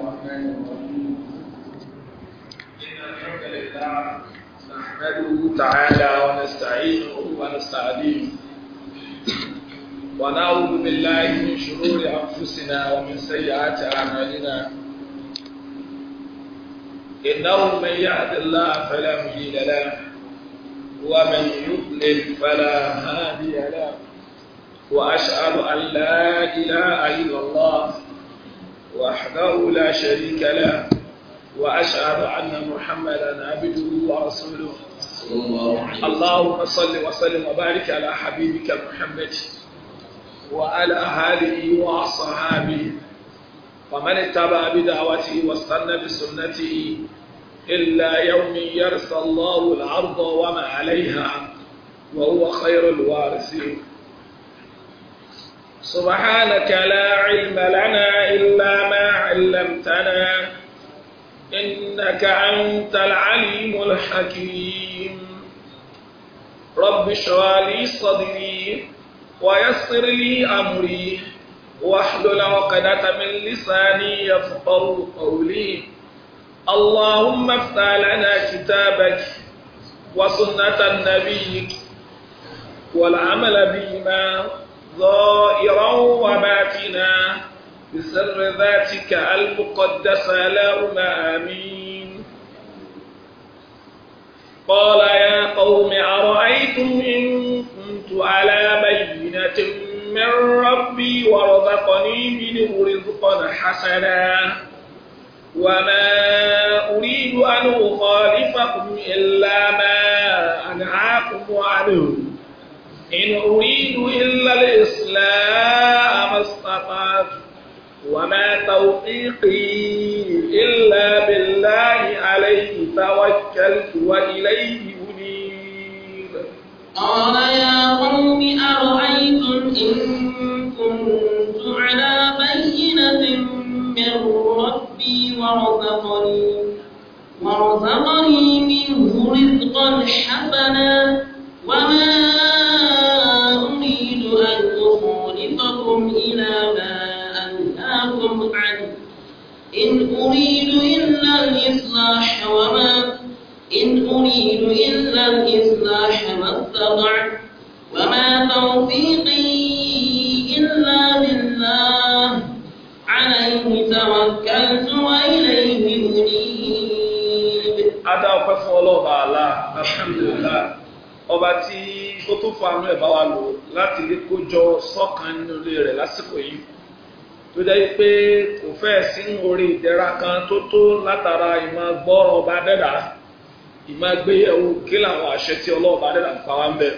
الرحمن الرحيم إن الحمد لله نحمده تعالى ونستعينه ونستهديه ونعوذ بالله من شرور أنفسنا ومن سيئات أعمالنا إنه من يهد الله فلا مجيد له ومن يضلل فلا هادي له وأشهد أن لا إله إلا الله وحده لا شريك له وأشهد أن محمدا عبده ورسوله اللهم صل وسلم وبارك على حبيبك محمد وعلى آله وصحابه ومن اتبع بدعوته واستنى بسنته إلا يوم يرث الله الأرض وما عليها وهو خير الوارثين سبحانك لا علم لنا إلا ما علمتنا إنك أنت العليم الحكيم رب اشرح لي صدري ويسر لي أمري واحلل عقدة من لساني يفقه قولي اللهم افتح لنا كتابك وسنة نبيك والعمل بهما ظائرا وباتنا بسر ذاتك المقدسة اللهم آمين قال يا قوم أرأيتم إن كنت على بينة من ربي ورزقني منه رزقا حسنا وما أريد أن أخالفكم إلا ما أنعاكم عنه إن أريد إلا الإصلاح ما استطعت وما توفيقي إلا بالله عليه توكلت وإليه أنيب قال يا قوم أرأيتم إن كنت على بينة من ربي ورزقني ورزقني منه رزقا حسنا وما إن أريد إلا الإصلاح وما إن أريد إلا الإصلاح ما استطعت وما توفيقي إلا بالله عليه توكلت وإليه أنيب Adá ọpẹ́ fún ọlọ́ọ̀bà Allah, alhamdulillah, ọba tí ó tún fa àánú ẹ̀ bá wa lò láti lè kó jọ sọ́kan nínú ilé rẹ̀ lásìkò yìí tó jẹ́ pé kò fẹ́ sí orí ìdẹ̀ra kan tó tó látara ìmọ̀ gbọ́rọ̀ ọba dẹ́dà ìmọ̀ gbé ẹ̀wò kí làwọn àṣẹ tí ọlọ́ọ̀ba dẹ́dà ń pa wá ń bẹ̀.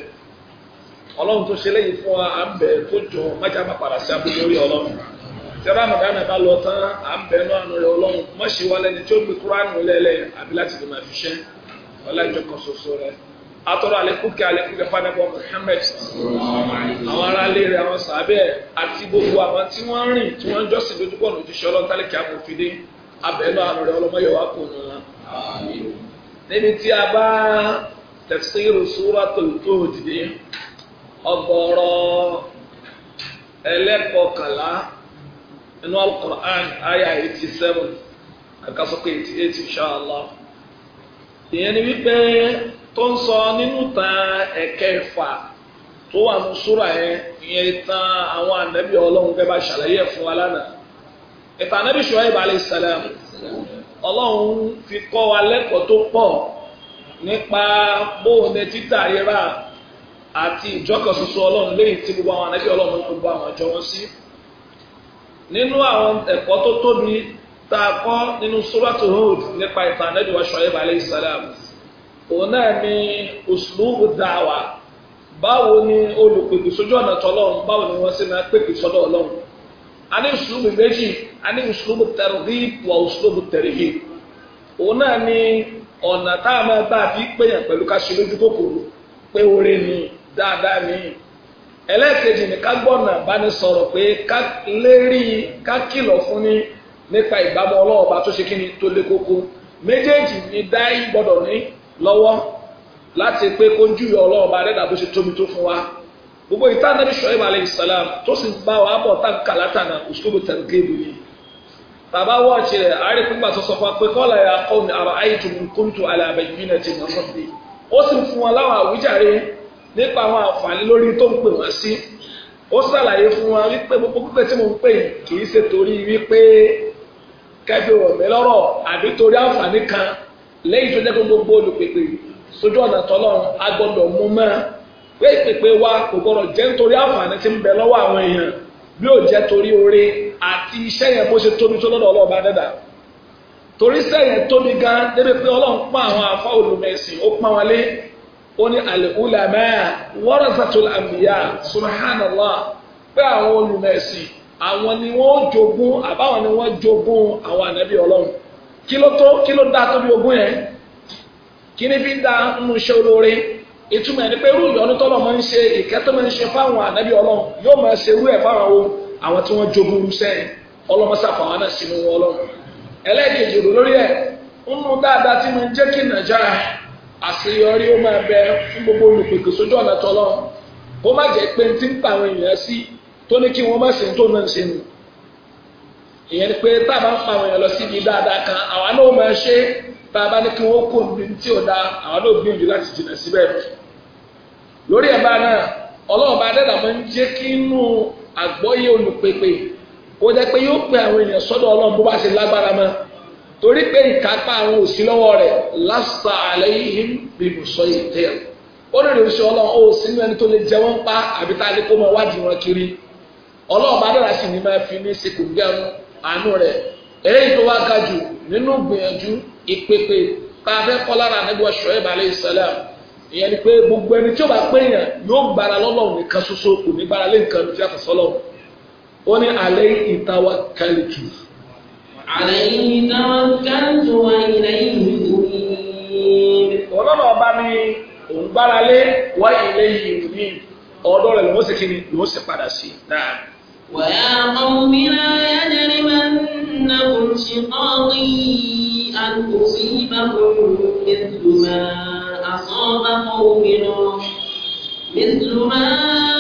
ọlọ́run tó ṣe lẹ́yìn fún wa à ń bẹ̀ tó jọ májà má padà sí abúlé orí ọlọ́run tí ramadan bá lọ tán à ń bẹ̀ náà nù rẹ̀ ọlọ́run mọ̀ṣíwálẹ́ni tí ó gbé kúránù lẹ́lẹ̀ àbí láti lè máa fi ṣẹ́ ọlá atọrọ alẹkùnkẹ alẹkùnkẹ fanabọ Muhammad àwọn aráalé rẹ̀ àwọn sàbẹ àti gbogbo àwọn tí wọ́n rìn tí wọ́n jọ́sìn lójúbọ lójúṣe ọlọtàlẹkẹ amòfinde abẹnú àrùn rẹ̀ ọlọmọ yọwá kò nù wọn. níbi tí a bá tafsiru suratul Hud dé ọgọ́rọ̀ ẹlẹ́kọ̀ọ́kànlá inú eighty seven eighty eight ìyẹn ni wípé. tó ń sọ nínú tan ẹ̀kẹfà tó wà ní súrà yẹn ìyẹn tan àwọn ànábì ọlọ́run gẹ́gẹ́ bá ṣàlàyé ẹ̀ fún wa lánàá ìtàn ànábì Ṣuaib alayhi salam ọlọ́run fi kọ́ wa lẹ́kọ̀ọ́ tó pọ̀ nípa bóun ní títà rírà àti ìjọkọ̀soso ọlọ́run lẹ́yìn tí gbogbo àwọn ànábì ọlọ́run gbogbo àwọn àjọ wọn sí nínú àwọn ẹ̀kọ́ tó tóbi tá a kọ́ nínú Suratu Hud nípa ìtàn ànábì wa Ṣuaib alayhi òun náà ni uslubu wà. báwo ni olùpèpè sójú ọ̀nà tọ́lọ́run báwo ni wọ́n ṣe máa pèpè sọ́dọ̀ ọlọ́run a ní uslubu méjì a ní uslubu targhib wa uslubu tarhib òun náà ni ọ̀nà tá a máa bá a fi péyàn pẹ̀lú ká ṣe lójú kòkòrò pé oore ni dáadáa ni ẹlẹ́ẹ̀kejì ni ká gbọ́nà pé ká lérí ká lọ́wọ́ láti pé kójú yọ ọlọ́ọ̀ba dẹ́dà bó ṣe tóbi tó fún wa gbogbo ìta nàbí Ṣuaibu alayhi salam tó sì bá wa bọ̀ tá kàlátànà òṣùkòbò tẹ̀gébù ni bàbá wọ́ọ̀tì rẹ̀ àárẹ̀ fún gbàtọ́ sọ pé kọ́lá ya kọ́ ni àrà àìtù kuntu ala bayyinati min rabbi ó sì fún wọn láwọn àwíjàre nípa àwọn àǹfààní lórí tó ń pè wọ́n sí ó ṣàlàyé fún wa wípé gbogbo pípẹ́ tí mo ń pè kì í ṣe torí wípé kẹfì wọ̀mí lọ́rọ̀ àbí torí àǹfààní kan lẹ́yìn tó jẹ́ pé gbogbo olùpèpè sójú ọ̀nà tọ́lọ́run a gbọ́dọ̀ mú mọ́ pé ìpèpè wa kò gbọ́dọ̀ jẹ́ nítorí àǹfààní tí ń bẹ lọ́wọ́ àwọn èèyàn bí ó jẹ́ torí oore àti iṣẹ́ yẹn bó ṣe tóbi tó lọ́dọ̀ ọlọ́ọ̀bá dẹ́dà torí iṣẹ́ yẹn tóbi gan débi pé ọlọ́run pa àwọn afá olùmẹ̀sìn ó pọ́n wọlé ó ní al-ulama wọ́n jogún àbáwọn ni wọ́n jogún àwọn ànábì kí ló tó kí ló dáa tó bí ogún yẹn kí ni fi da nínú iṣẹ́ olóore ìtumọ̀ ẹni pé irú ìyọnu tọ́lọ̀ máa ń ṣe ìkẹ́tọ́ máa ń ṣe fáwọn ànábì ọlọ́run yóò máa ṣe irú ẹ̀ fáwọn àwọn àwọn tí wọ́n jogún irúṣẹ́ ọlọ́mọṣà fáwọn náà sínú wọn ọlọ́run ẹlẹ́ẹ̀kejì rò lórí ẹ̀ nínú dáadáa tí máa ń jẹ́ kí nàìjíríà àṣeyọrí ó máa bẹ fún gbogbo olùpèkè sójú ọ̀nà tọ́lọ́run kó má jẹ́ pé ti ń pa èèyàn sí tó ní kí wọ́n má ṣe tó náà ṣe nù ìyẹn ni pé tá a bá ń pa àwọn èèyàn lọ síbi dáadáa kan àwa náà máa ṣe tá a bá ní kí wọ́n kó omi tí ò dáa àwa náà gbìyànjú láti jìnnà síbẹ̀ lórí ẹ̀ bá náà ọlọ́run bá dẹ́dà máa ń jẹ́ kí inú àgbọ́yé pe àwọn èèyàn sọ́dọ̀ ọlọ́run bó bá ṣe lágbára mọ́ pa àbí tá a lè kó mọ wádìí wọn kiri ọlọ́run bá máa fi ní àánú rẹ eléyìí tó wá ga jù nínú gbìyànjú ìpèpè ká fẹ́ kọ́ lára ànábì Ṣuaib alayhi ìyẹn ni pé gbogbo ẹni tí ó bá pé yàn yóò gbára lọ́lọ́run nìkan ṣoṣo kò ní gbára lé nǹkan a sọ́lọ́ ó ní wa ọba ni òun gbára lé rẹ̀ ni padà sí dáadáa. ويا قوم لا يجرمنكم شقاقي أن أصيبكم مثل ما أصاب قوم نوح مثل ما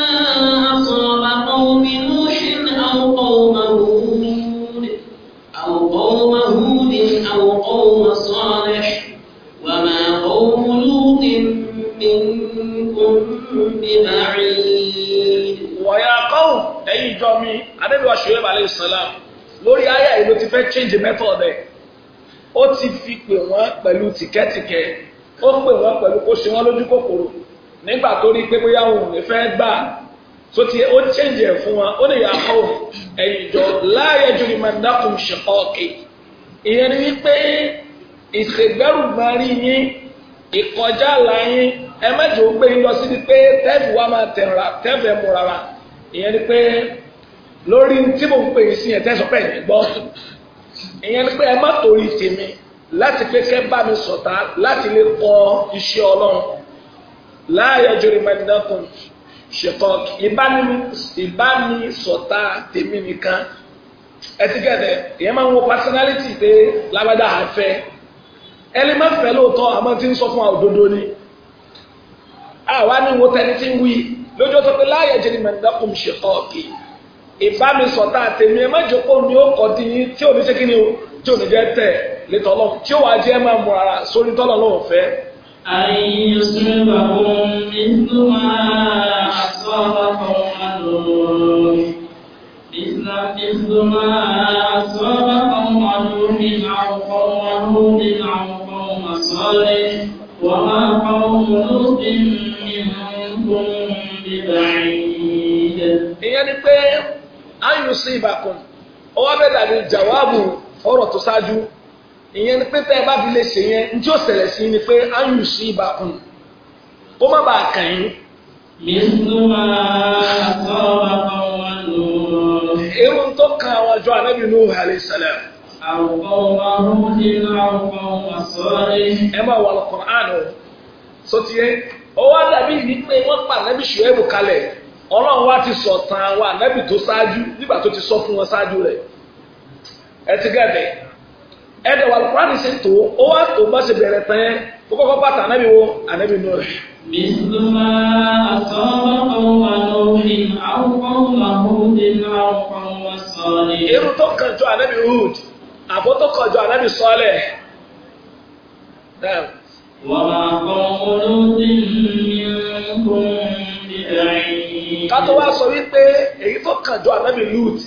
Shu'aib alayhi salam lórí àyà yìí ló ti fẹ́ change method ẹ̀ ó ti fi pè wọ́n pẹ̀lú tìkẹ́tìkẹ́ ó pè wọ́n pẹ̀lú kó ṣe wọ́n lójú kòkòrò nígbà tó rí pé bóyá òun lè fẹ́ gbà tó ti ó change ẹ̀ fún wọn ó lè yà kọ́ ẹ̀yìn ìjọ la yajrimannakum shiqaqi ìyẹn ni wípé ìṣègbẹ́rùgbárí yín ìkọjá àlá yín ẹ mẹ́jọ gbé yín lọ síbi pé tẹ́ẹ̀fù wa máa tẹ̀ rà tẹ́ẹ̀fù ẹ̀ mú rárá ìyẹn ni pé lórí tí mò ń pè é sí ẹ̀ tẹ́sán pẹ̀ ní gbọ́ ìyẹn ni pé ẹ má torí tèmi láti pé kẹ́ bá mi sọ̀tá láti lè kọ́ iṣẹ́ ọlọ́run láàyè jórí mẹ́tẹ́dẹ́kùn ṣèkọ́ ìbánisọ̀tá tèmi nìkan ẹtìgẹ́dẹ̀ ìyẹn máa ń wo personality pé lábàdà àfẹ́ ẹni má fẹ́ lóòótọ́ àmọ́ tí ń sọ fún òdodo ni àwa ni wo tẹni tí ń wí lójú ọ̀tọ̀ pé láàyè jórí mẹ́tẹ́dẹ́kùn ṣèkọ́ kìí ìbámisọ̀tà àtẹ̀mí ẹ má jókòó ni ó kọ́ di yín tí ò ní ṣe kí ni o tí ò ní jẹ́ tẹ̀ létọ́ lọ́wọ́ tí ó wàá jẹ́ máa mú ara sórí tọ́lọ̀ lọ́wọ́ fẹ́. àyìn sùn bàbá ayusibakum ọwọ́ bẹ́ẹ̀ dàbí jàwáàbù ọ̀rọ̀ tó ṣáájú ìyẹn ni pé tẹ́ ẹ bá fi lè ṣe yẹn ní tí ó ṣẹlẹ̀ sí ni pé ayusibakum kó má bàa kàn yín. mísúmá sọ́wọ́ kan wà lóòrò. irun tó kan àwọn ọjọ́ anábì Nuhu alayhi salam. àwùkọ́ wa rúdí àwùkọ́ wa sọ́ọ́rí. ẹ máa wà lọ́kọ̀ọ́ àná sọ́tìyẹ ọwọ́ dàbí ìdí pé wọ́n pa anábì Ṣuaibu kalẹ̀ ọlọ́run wá ti sọ̀tàn àwọn ànábì tó ṣáájú nígbà tó ti sọ fún wọn ṣáájú rẹ̀ ẹ ti gẹ̀dẹ̀ ẹ̀dẹ̀ wà lùkúránì sí tó ó wá tó bá ṣe bẹ̀rẹ̀ tán ó kọ́kọ́ bàtà ànábì wo ànábì nù rẹ̀. bísúmá àtọ́wọ́kọ̀ wà lórí àwòkọ́ làhùndé náà kọ́ wọn sọ̀rọ̀. irú tó kàn jọ tó kàn jọ ànábì ká tó wá sọ wípé èyí tó kàn jọ ànábì lut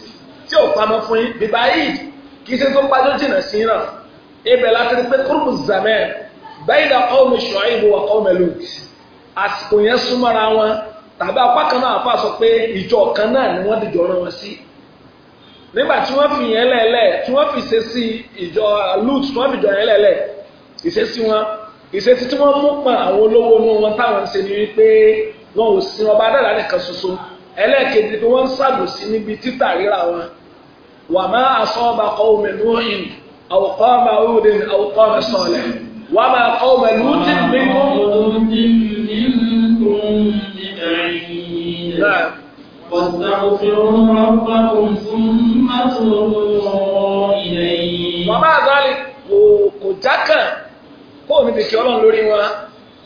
tí ò pamọ́ fún yín bíbá yìí kì í ṣe tó pàjọ jìnnà sí náà ibẹ̀ láti rí pé kúrúbù zamẹ́ bẹ́ẹ̀ dà kọ́ mi ṣọ́ ìbò wà kọ́ mi lut àsìkò yẹn súnmọ́ra wọn tàbí apá kan náà àfa sọ pé ìjọ kan náà ni wọ́n dìjọ́ rán wọn sí nígbà tí wọ́n fi yẹn lẹ́lẹ̀ tí wọ́n fi ṣe sí ìjọ lut tí wọ́n fi jọ yẹn lẹ́lẹ̀ ìṣesí wọn ìṣesí tí wọ́n mú pa àwọn olówó inú wọn táwọn ń ṣe ni wípé wọn ò sin ọba dára nìkan ṣoṣo ẹlẹ́ẹ̀kejì pé wọ́n ń ṣàlùsí níbi títà ríra wọn wà má asọ́ba qawma Nuhin aw qawma Hudin aw qawma Salih wà má qawma Lutin minkum واستغفروا ربكم ثم توبوا إليه. ومع ذلك kò jákàn kó o níbi ọlọ́run lórí wọn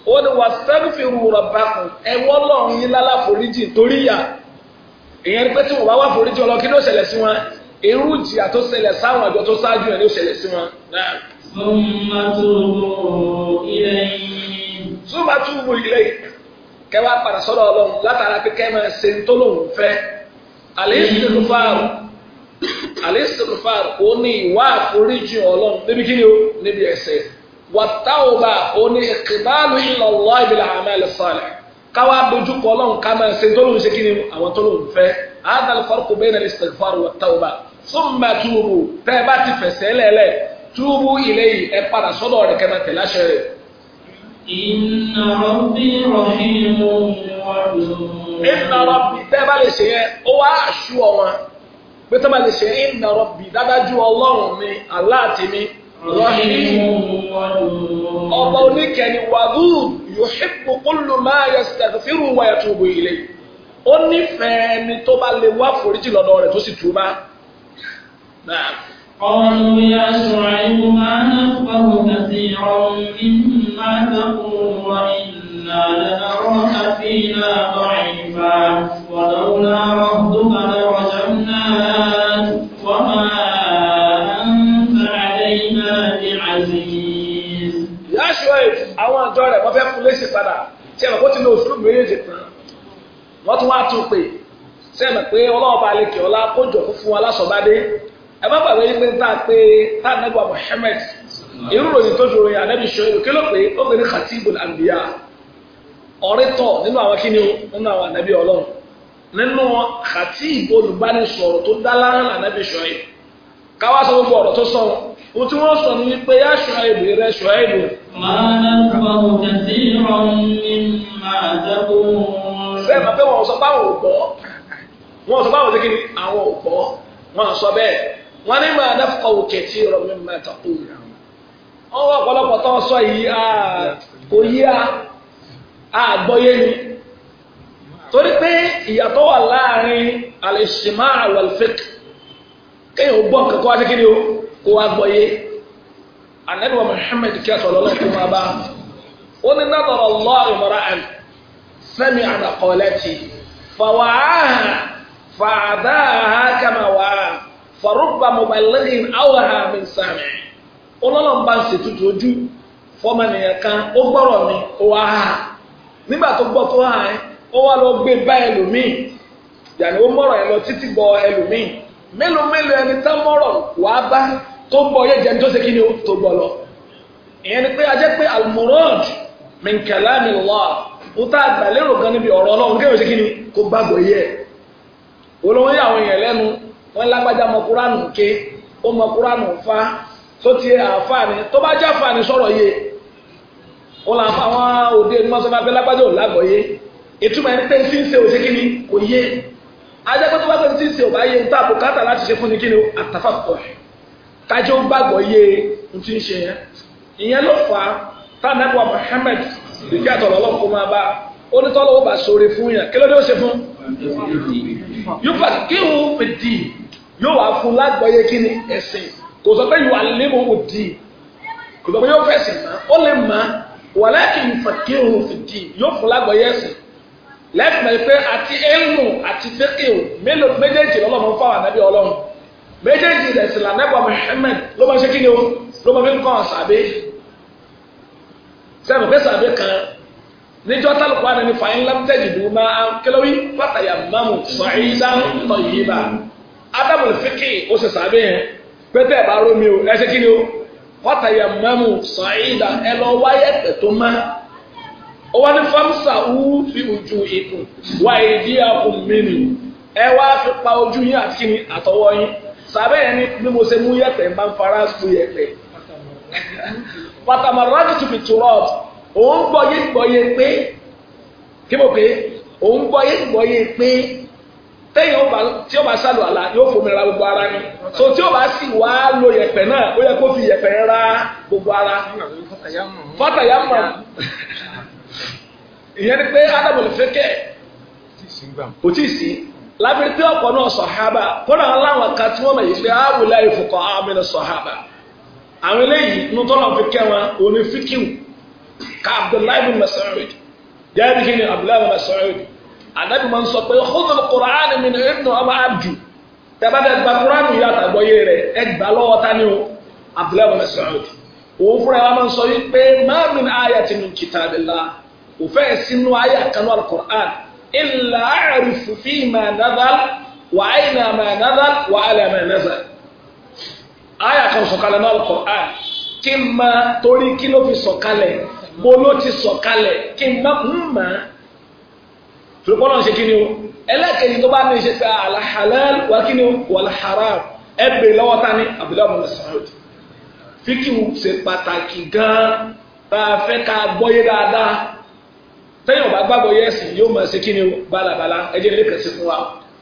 ó ní wà sẹ́ńfìrù rọ̀bàkùn ẹ̀wọ́ lọ́run yín lálá foríjì torí ìyà ìyẹn ni pé tí wọ́n bá wà foríjì ọlọ́ kí ló ṣẹlẹ̀ sí wọn irú ìjìyà tó ṣẹlẹ̀ sáwọn àjọ tó ṣáájú ẹ̀ ló ṣẹlẹ̀ sí wọn. súnmọ́ túbú ilé kẹwàá padà sọ́dọ̀ ọlọ́run látara pé kẹ́mẹ́ ṣe ń tó lòun fẹ́ àlẹ́ ìsìnkú fáàrù àlẹ́ ìsìnkú fáàrù ó ní ìwà àforíjì ọlọ́run níbi kí ni ó wàtáwùbà òní ìkìbálù ìlọ̀lọ́ ìbílẹ̀ àmàlì sọ́ọ̀lẹ̀ káwá dojú kọ lọ́n ká máa ṣe tó lóun ṣe kí ni àwọn tó lóun fẹ́ àádàlù fọ́ọ̀kù bẹ́ẹ̀ náà istighfar wàtáwùbà súnmà túbù tẹ́ ẹ bá ti fẹ̀sẹ̀ lẹ́lẹ̀ túbù ilé yìí ẹ padà sọ́dọ̀ rẹ̀ kẹ́mà tẹ̀lé àṣẹ rẹ̀. inna rabbi rahimun wadud. inna rabbi tẹ́ ọba oníkẹni wàdúù yòóhìpù kúlù máa yẹ sẹfìrù wáyà tó bu ilé ó nífẹ̀ẹ́ ni tó bá lè wá foríjì lọ́dọ̀ rẹ̀ tó sì túbá. قالوا يا شعيب ما نفقه كثيرا مما تقول وإنا لنراك فينا ضعيفا ولولا رهتك لرجمناك وما àjọ àwọn àjọ rẹ̀ wọ́n fẹ́ fún léṣe padà tí ẹ̀mọ̀ kó ti lo òṣèlú méjèèjì tán wọ́n tún wá tún pè sí ẹ̀mọ̀ pé ọlọ́ọ̀bá alẹ́kẹ̀ ọlá kójọ fún fún alásọ̀bádé ẹ má gbàgbé yín pé ń tà pé tá ànágbà Muhammad irú ròyìn tó ju ròyìn ànábì ṣe èrò kí ló pé ó gbèrè khatibul anbiya ọ̀rẹ́ tọ̀ nínú àwọn kíni nínú àwọn ànábì ọlọ́run nínú khatib olùbánisọ̀rọ̀ tó dá lára ànábì ṣe káwá sọ gbogbo ọ̀rọ̀ tó sọ o tí wọ́n sọ ní wípé yá ṣùáìbù rẹ ṣùáìbù. màá lọ ọjà sí ìrọ̀rùn ní màá dẹ́kun wọn. sẹ́yìn máa fẹ́ wọn sọ báwọn ò gbọ́ wọn sọ báwọn dékìní àwọn ò gbọ́ wọn sọ bẹ́ẹ̀ wọn ní màá dẹ́kun ọjà sí ìrọ̀rùn ní màá dẹ́kun wọn. ọ̀pọ̀lọpọ̀ tó ń sọ yìí kò yí àgbọ́yé ni torí pé ìyàtọ̀ wà láàrin al kó wá gbọ́ yé anabi wa muhammed kí ẹsọ lọlọ kó máa bá ó ní nàbọrọ lọọrì mọra ẹ sẹmi ànàkọlẹtì fàwàáhà fàdáhà kàmá wàá fàrúbà mọbàlẹ́yìn áwàhà mi sàmì ọlọ́lọ́n bá ń ṣètùtù ojú fọ́mọ nìyẹn kan ó gbọ́rọ̀ mi ó wá hà nígbà tó gbọ́ tó hà ẹ́ ó wá lọ gbé bá ẹlòmíì yàrá ó mọ̀rọ̀ ẹ lọ títí bọ ẹlòmíì mélòó mélòó ẹni tán mọ́rọ̀ wàá bá tó gbọ́ yẹ jẹ́ ní tó ṣe kí ni ó tó gbọ́ lọ. ìyẹn ni pé a pé almurad min kalami Allah ó tá àgbà lérò gan níbi ọ̀rọ̀ ọlọ́run kéwòn ṣe kí ni kó gbàgbọ́ yẹ. olówó yà àwọn èèyàn lẹ́nu wọ́n lágbájá mọ ké ó mọ fa tó ti àǹfààní tó bá jẹ́ àǹfààní sọ̀rọ̀ yẹ ó là àwọn òde ẹni mọ́sọ́fà fẹ́ lágbájá ò lágbọ̀ yẹ ìtumọ̀ ẹni ajẹ́ pé tó bá pẹ́ tí ń ṣe ò bá yé ń tàbí láti ṣe fún ni kí ni àtàfàpọ̀ kájọ́ gbàgbọ́ yé ń ti ń ṣe yẹn ìyẹn ló fà á tánàbọ̀ Muhammad ìkẹ́ àtọ̀lọ́lọ́ kó máa bá onítọ́lọ́ ó bá ṣoore fún yàn kí ló dé ó ṣe fún yóò fà kí ó fi dì yóò wá fún lágbọ́yé kí ni ẹ̀sìn kò sọ pé yóò wá lé mọ́ òdì kò sọ pé yóò fẹ̀sìn mọ́ ó lè mọ́ wàlẹ́kì ìfàkí òun fi dì yóò fún lágbọ́yé ẹ̀sìn lẹ́sìn pé àti ẹ̀mù àti fẹ́kìw mélòó méjèèjì lọ́lọ́run fáwọn ànábì ọlọ́run méjèèjì ìdẹ̀sìn lànàbọ̀ Muhammad ló máa ṣe kí ni o ló máa fi ń kọ́ àwọn sàbí sẹ́mi pé sàbí kan níjọ́ tálùkù àná ni fàyín lámtẹ́jì ló máa ń kílówí pàtàyà mámù sọ̀yìndá ńlọ yìí bá Ádámù fẹ́kì ó ṣe sàbí yẹn pété ẹ̀ bá rómi o ẹ ṣe kí ni o pàtàyà mámù sọ̀yìndá ẹ lọ wáyé tẹ̀ tó máa wọ́n ní fámsà wú fi ojú ikùn wá èdè àpò mẹ́rin ẹ wá fi pa ojú yín àti kíni àtọwọ́ yín sàbẹ́ yẹn ni bí mo ṣe mú yẹ̀pẹ̀ ń bá ń fara sùn yẹ̀pẹ̀ pàtàmàrà tó fi tùrọ̀ òun gbọ́yé gbọ́yé pé kí mo pé òun gbọ́yé gbọ́yé pé téèyàn bá tí ó bá sálò àlà yóò fòmìnira gbogbo ara ni so tí ó bá sì wá lo yẹ̀pẹ̀ náà ó yẹ kó fi yẹ̀pẹ̀ ra gbogbo ara fọ́tàyàmọ̀ ìyẹn ni pé ádámù lè fẹ́ kẹ́ kò tí ì sí lábìrì pé ọ̀pọ̀ náà sọ̀hábà kọ́nà aláwọn kan tí wọ́n mọ̀ yìí pé áwùlá ìfọkọ̀ àmìnà sọ̀hábà àwọn eléyìí inú tọ́lọ̀ fi kẹ́ wọn òní fíkìw ká abdullahi bin masoud jẹ́rìí kí ni abdullahi bin masoud ànábì máa ń sọ pé khudul qur'an min ibnu ọba abdu tẹ́bàdà gba qur'an yìí àtàgbọ́yé rẹ̀ ẹ gbà lọ́wọ́ tani o abdullahi bin masoud òun fúnra ẹ wá máa ń sọ yìí pé má min kitabillah kò fẹ́ẹ̀ sínú àyà kanú alukur'an ilà àrífù fi mà nàdàl wà àyìnà mà nàdàl wà àlà mà nàdàl àyà kan sọ̀kalẹ̀ náà alukur'an kí n ma torí kí ló fi sọ̀kalẹ̀ bó ló ti sọ̀kalẹ̀ kí n má ń mà á tòlùkọ́ náà ṣe kí ni o ẹlẹ́kẹ̀yìn tó bá ní ṣe pé alahalal wà kí ni o wàlharam ẹ bèrè lọ́wọ́ ta ni abdullahi muhammad saudi fíkì ṣe pàtàkì gan-an tá a fẹ́ ká gbọ́yé dáadáa tẹ́yìn ọba gbàgbọ́ yẹ ẹ̀sìn yóò máa ṣe kí ni balabala ẹ̀jẹ̀ nílé kẹsì fún wa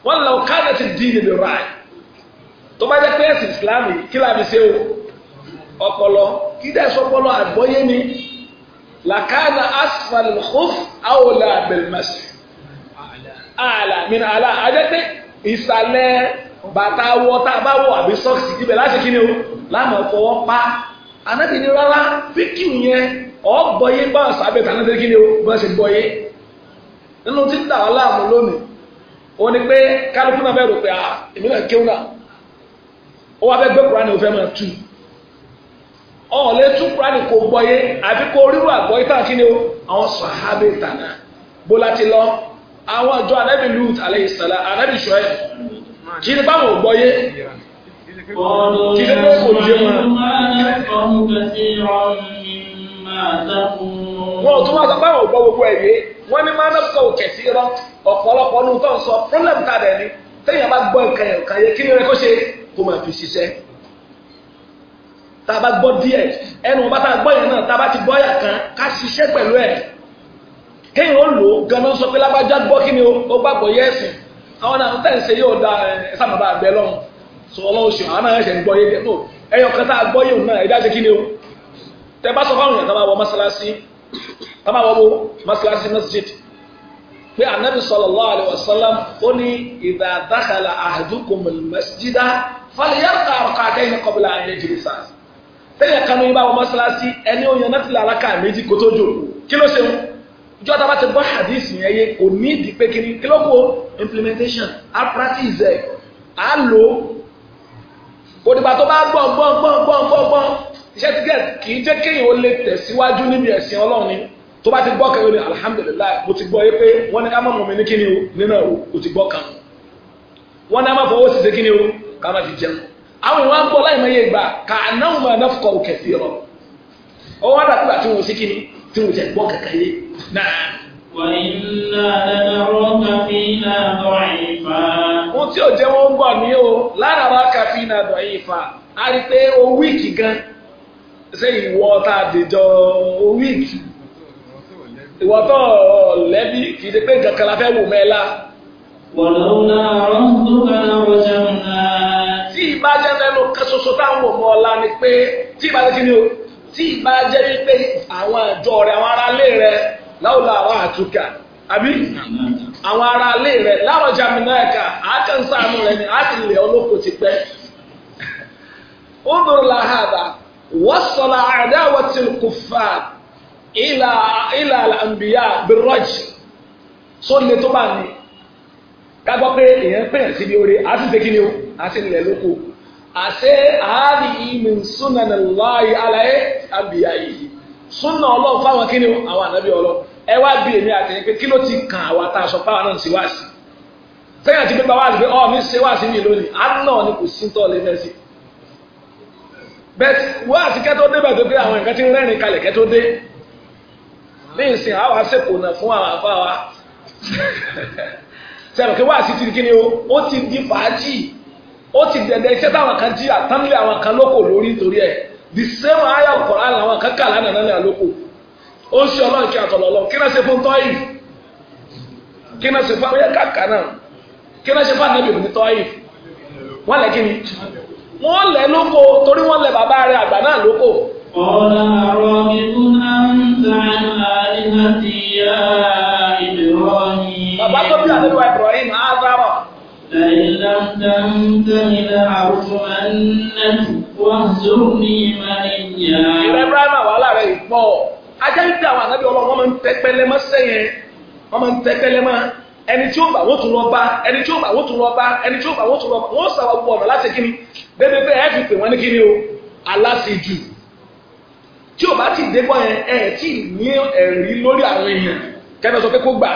wọn lọ káàdà ti dín níbi ráì tó bá jẹ́ pé ẹ̀sìn ìsìlámù kí láàbì ṣe o ọpọlọ kí dẹ́ sọpọlọ àgbọ́yé ni làkàdà asfal khuf àwòlà abẹlmẹsì àlà min àlà àjẹpẹ ìsàlẹ̀ bàtà wọ tá a bá wọ àbí sọ́ọ̀sì ibẹ̀ láti kí ni o láàmú ọ̀fọwọ́ pa anábìnrin rárá fíkì ọgbọ̀yé bá sábẹ̀ tàná tẹ́lẹ̀ kí ni o bá ṣe gbọ́yé nínú tí ń lónìí òun ni pé kálukú náà bẹ̀rù pé èmi náà kéwù náà ó wá fẹ́ gbé kúránì ó fẹ́ máa tù ọ̀hún lè tún kúránì kò gbọ́yé àfi kó rírú àgbọ̀yé tàn kí ni o àwọn sàhábẹ̀ tàná bó láti lọ àwọn àjọ anábì Lut alayhi salam anábì Shuaib kí ni báwọn ò gbọ́yé kò yé wọn ò tún wá sọ pé àwọn ògbọ́ gbogbo ẹ̀yẹ wọ́n ní máa ń sọ òkẹ̀sí rọ ọ̀pọ̀lọpọ̀ ní nǹkan sọ problem ta dẹ̀ ni téèyàn bá gbọ́ nǹkan yẹn kàyé kí ni rẹ kó ṣe kó máa fi ṣiṣẹ́ tá a bá gbọ́ díẹ̀ ẹnu bá tá a gbọ́ yẹn náà tá a bá ti gbọ́ yà kan ká ṣiṣẹ́ pẹ̀lú ẹ̀ kéèyàn ó lò ó ganan sọ pé lágbájá gbọ́ kí ni ó gbàgbọ́ yẹ ẹ̀sìn àwọn náà ń ṣe da ẹ̀ sábàbà àgbẹ̀ lọ́hùn sọ ọlọ́run ṣe àwọn náà ẹ̀ṣẹ̀ ń gbọ́ yé ẹ̀yọ̀ kan tá a tẹ bá sọ fáwọn èèyàn tábà wọ mọ́sálásí tábà wọ mọ́sálásí masjid pé anabi sallallahu alaihi wasallam ó ní idha dakhala ahadukumul masjida falyarka rak'atayn qabla an yajlisa tẹ́yìn kanú yín bá wọ mọ́sálásí ẹni òyìn náà ti lè alaka méjì kó tó jò kí ló ṣe wọn ìjọ tá a bá ti gbọ́ hadith yẹn yé kò ní ìdí pé kí ni kí kó implementation a practice ẹ̀ á lò ó òdìgbà tó bá gbọ́ gbọ́ gbọ́ gbọ́ gbọ́ iṣẹ́ ti gẹ̀ẹ́sì kì í jẹ́ kéèyàn ó lè tẹ̀síwájú níbi ẹ̀sìn ọlọ́run ni tó bá ti gbọ́ kan ní alihamudulilayi mo ti gbọ́ pé wọ́n ní ká mọ̀ ní kíni o nínú o ti gbọ́ kan a máa fọwọ́ kíni o ká máa ti jẹun àwọn ìwà ń bọ̀ láì gbà ká anáwó máa náà fọkọ̀ ọwọ́ kíni tí gbọ́ kẹkẹ yé náà. wọ́n ò o lára wa ṣé ìwọ tá wíìt ìwọ lẹ́bí kì ṣe pé nǹkan la fẹ́ wò mẹ́la. wọ̀lọ́wọ́lá tí mẹ́nu kan ṣoṣo táwọn ò ni pé tí ìbá kí ni o tí ìbá jẹ́ wípé àwọn àjọ rẹ̀ àwọn aráalé rẹ̀ láwùlọ àwọn àtúkà àbí àwọn aráalé láwọn ni وصل عداوة الكفار إلى إلى الأنبياء بالرجل sọ́ni tó bá ní kágbọ́ pé èèyàn pèèyàn síbi oore a sì ṣe kí ni o a sì nílẹ̀ lóko àṣé àárí ìmì súnà nà láàyè aláyé àbíyá yìí súnà ọlọ́run fáwọn kí ni o àwọn ànábì ọlọ ẹ wá bí èmi àti ẹni pé kí ló ti kàn àwa tá a sọ fáwọn náà sí wáàsí sẹ́yìn àti pé bá wáàsí pé ọ́ mi ṣe wáàsí mi lónìí àná ni kò sí ń tọ́ lé mẹ́sì bẹ́ẹ̀ wọ́n àti kẹ́tọ́ dé bàtẹ́ pé àwọn nǹkan ń rẹ́rìn kalẹ̀ kẹ́tọ́ dé ní ìsìn àwọn àṣepò náà fún àwọn wọ́n àti ti o ó ti di fàájì ó ti dẹ̀dẹ̀ iṣẹ́ táwọn kan jí àwọn kan lóko lórí nítorí ẹ̀ the same aya Qur'an làwọn kan kà lánàá ní ó ń ṣe kí kí náà ṣe fún kí náà ṣe fún kàkà náà wọ́n lẹ̀ lóko torí wọ́n lẹ̀ bàbá rẹ̀ àgbà náà lóko. ọ̀la ọ̀rọ̀ mi fún náà ń ta iná ti yá ìdúró ni. bàbá tó bí àdúrà Ibrahim á sábà. لئن لم تنته لأرجمنك واهجرني مليا. ìrẹ́ Ibrahim wàhálà rẹ̀ pọ̀ ajá ń tẹ àwọn ànábì ọlọ́run wọ́n máa ń tẹ́pẹ́lẹ́ mọ́ sẹ́yìn wọ́n máa ń tẹ́pẹ́lẹ́ mọ́ ẹni tí ó bá wọ́n tún lọ bá ẹni tí ó bá wọ́n tún lọ bá ẹni tí ó bá wọ́n tún lọ bá wọ́n sàwọn gbọ́ ọ̀nà láti kí ni débi pé ẹ ti pè wọ́n ní kí ni o aláṣejù tí o bá ti dégbọ́ yẹn ẹ ti ní ẹ̀rí lórí àwọn èèyàn kẹ́ni sọ pé kó gbà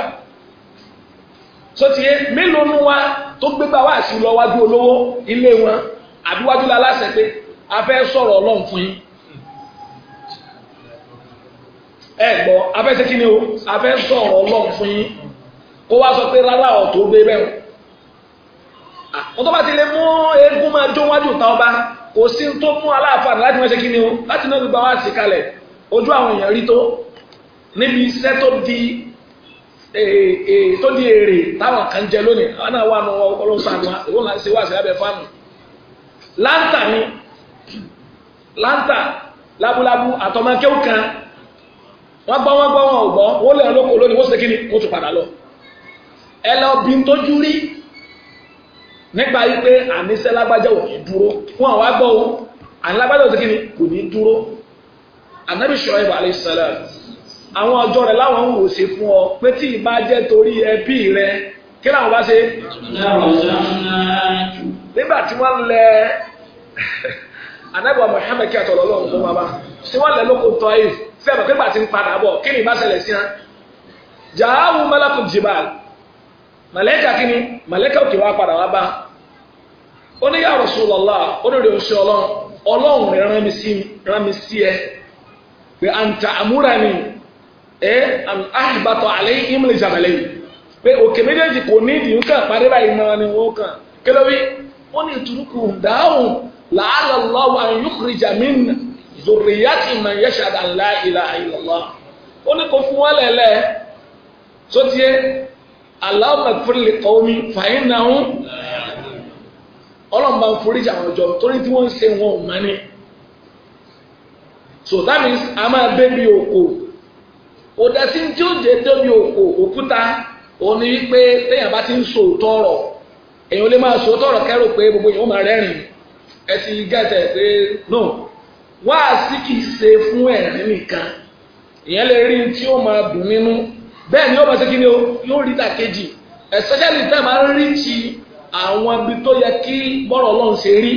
sotie mélòó nu wa tó gbégbá wá sí lọ wájú olówó ilé wọn àbí wájú la láṣẹ pé a fẹ́ sọ̀rọ̀ ọlọ́run fún yín ẹ gbọ́ a fẹ́ ṣe kí ni o a fẹ́ sọ̀rọ̀ ọlọ́run fún yín kó wá sọ pé rárá ọ̀ tó gbé bẹ́ẹ̀ wọ́n tó bá ti lè mú eégún máa jó wájú ìta ọba kò sí tó mú aláàfáà láti wọ́n ṣe kí ni o láti náà gbogbo àwọn àṣìkalẹ̀ ojú àwọn èèyàn rí tó níbi iṣẹ́ tó di e, e, tó di èrè táwọn kan jẹ lónìí wọn náà wà nù ọlọ́sàn wa èwo náà ṣe wá sí lábẹ́ fáànù láńtà ni láńtà lábúlábú àtọmọkéwù kan wọ́n gbọ́ wọ́n gbọ́ wọn ò gbọ́ wọ́n lè lóko lónìí wọ́n ṣe kí ni wọ́n tún padà lọ ẹ lọ bí n tójú rí nípa wípé àníṣẹ́ lágbájá ò ní dúró wọn àwa gbọ́ o àní lágbájá òsì kìíní kò ní dúró ànábì Ṣuaibu alayhi salam àwọn ọjọ́ rẹ̀ láwọn ń wò sí fún ọ pé tí ìbá jẹ́ torí ẹbí rẹ kí làwọn bá ṣe. nígbà tí wọ́n lẹ ànábì Muhammad kí àtọ̀lọ́ lọ́wọ́ fún wa bá tí wọ́n lẹ lóko tọ́ ẹ̀ fẹ́ẹ̀ bọ̀ pé gbà màlẹ́kà kí ni màlẹ́kà òkè wá padà wá bá ó ní ya Rasulullah ó ní rèé oṣù ọlọ́run ọlọ́run rẹ̀ rán mi sí ẹ pé anta amurani ẹ àhìbàtọ̀ àlẹ́ ìmìlì jàmẹ́lẹ́ yìí pé òkè méjèèjì kò ní ìdí nǹkan parí báyìí mọ́ra ni wọ́n kàn kí ló wí ó ní ìtúrúkù dáhùn la'alla Allahu an yukhrija min man yashhadu an la ilaha illallah ó ní kò fún wọn lẹ́lẹ́ sótíyé aláwọ̀ fúrilẹ̀ kọ́mi fàyín náà ọlọ́mọba ń foríjì àwọn ọjọ́ torí tí wọ́n ń ṣe wọn ò mọ́ ni so that means a máa bẹ́bí òkò òdàsí tí ó jẹ́ débi òkò òkúta òun ni wípé bá ti ń so tọrọ èèyàn lè máa so tọrọ kẹ́rò pé gbogbo èèyàn máa rẹ́rìn ẹ ti pé no fún ẹ̀rín nìkan ìyẹn lè rí tí bẹ́ẹ̀ ni yóò bá ṣe kí ni o yóò rí ìdàkejì especially tá a máa ń rí ti àwọn ibi tó yẹ kí bọ́rọ̀ ọlọ́run ṣe rí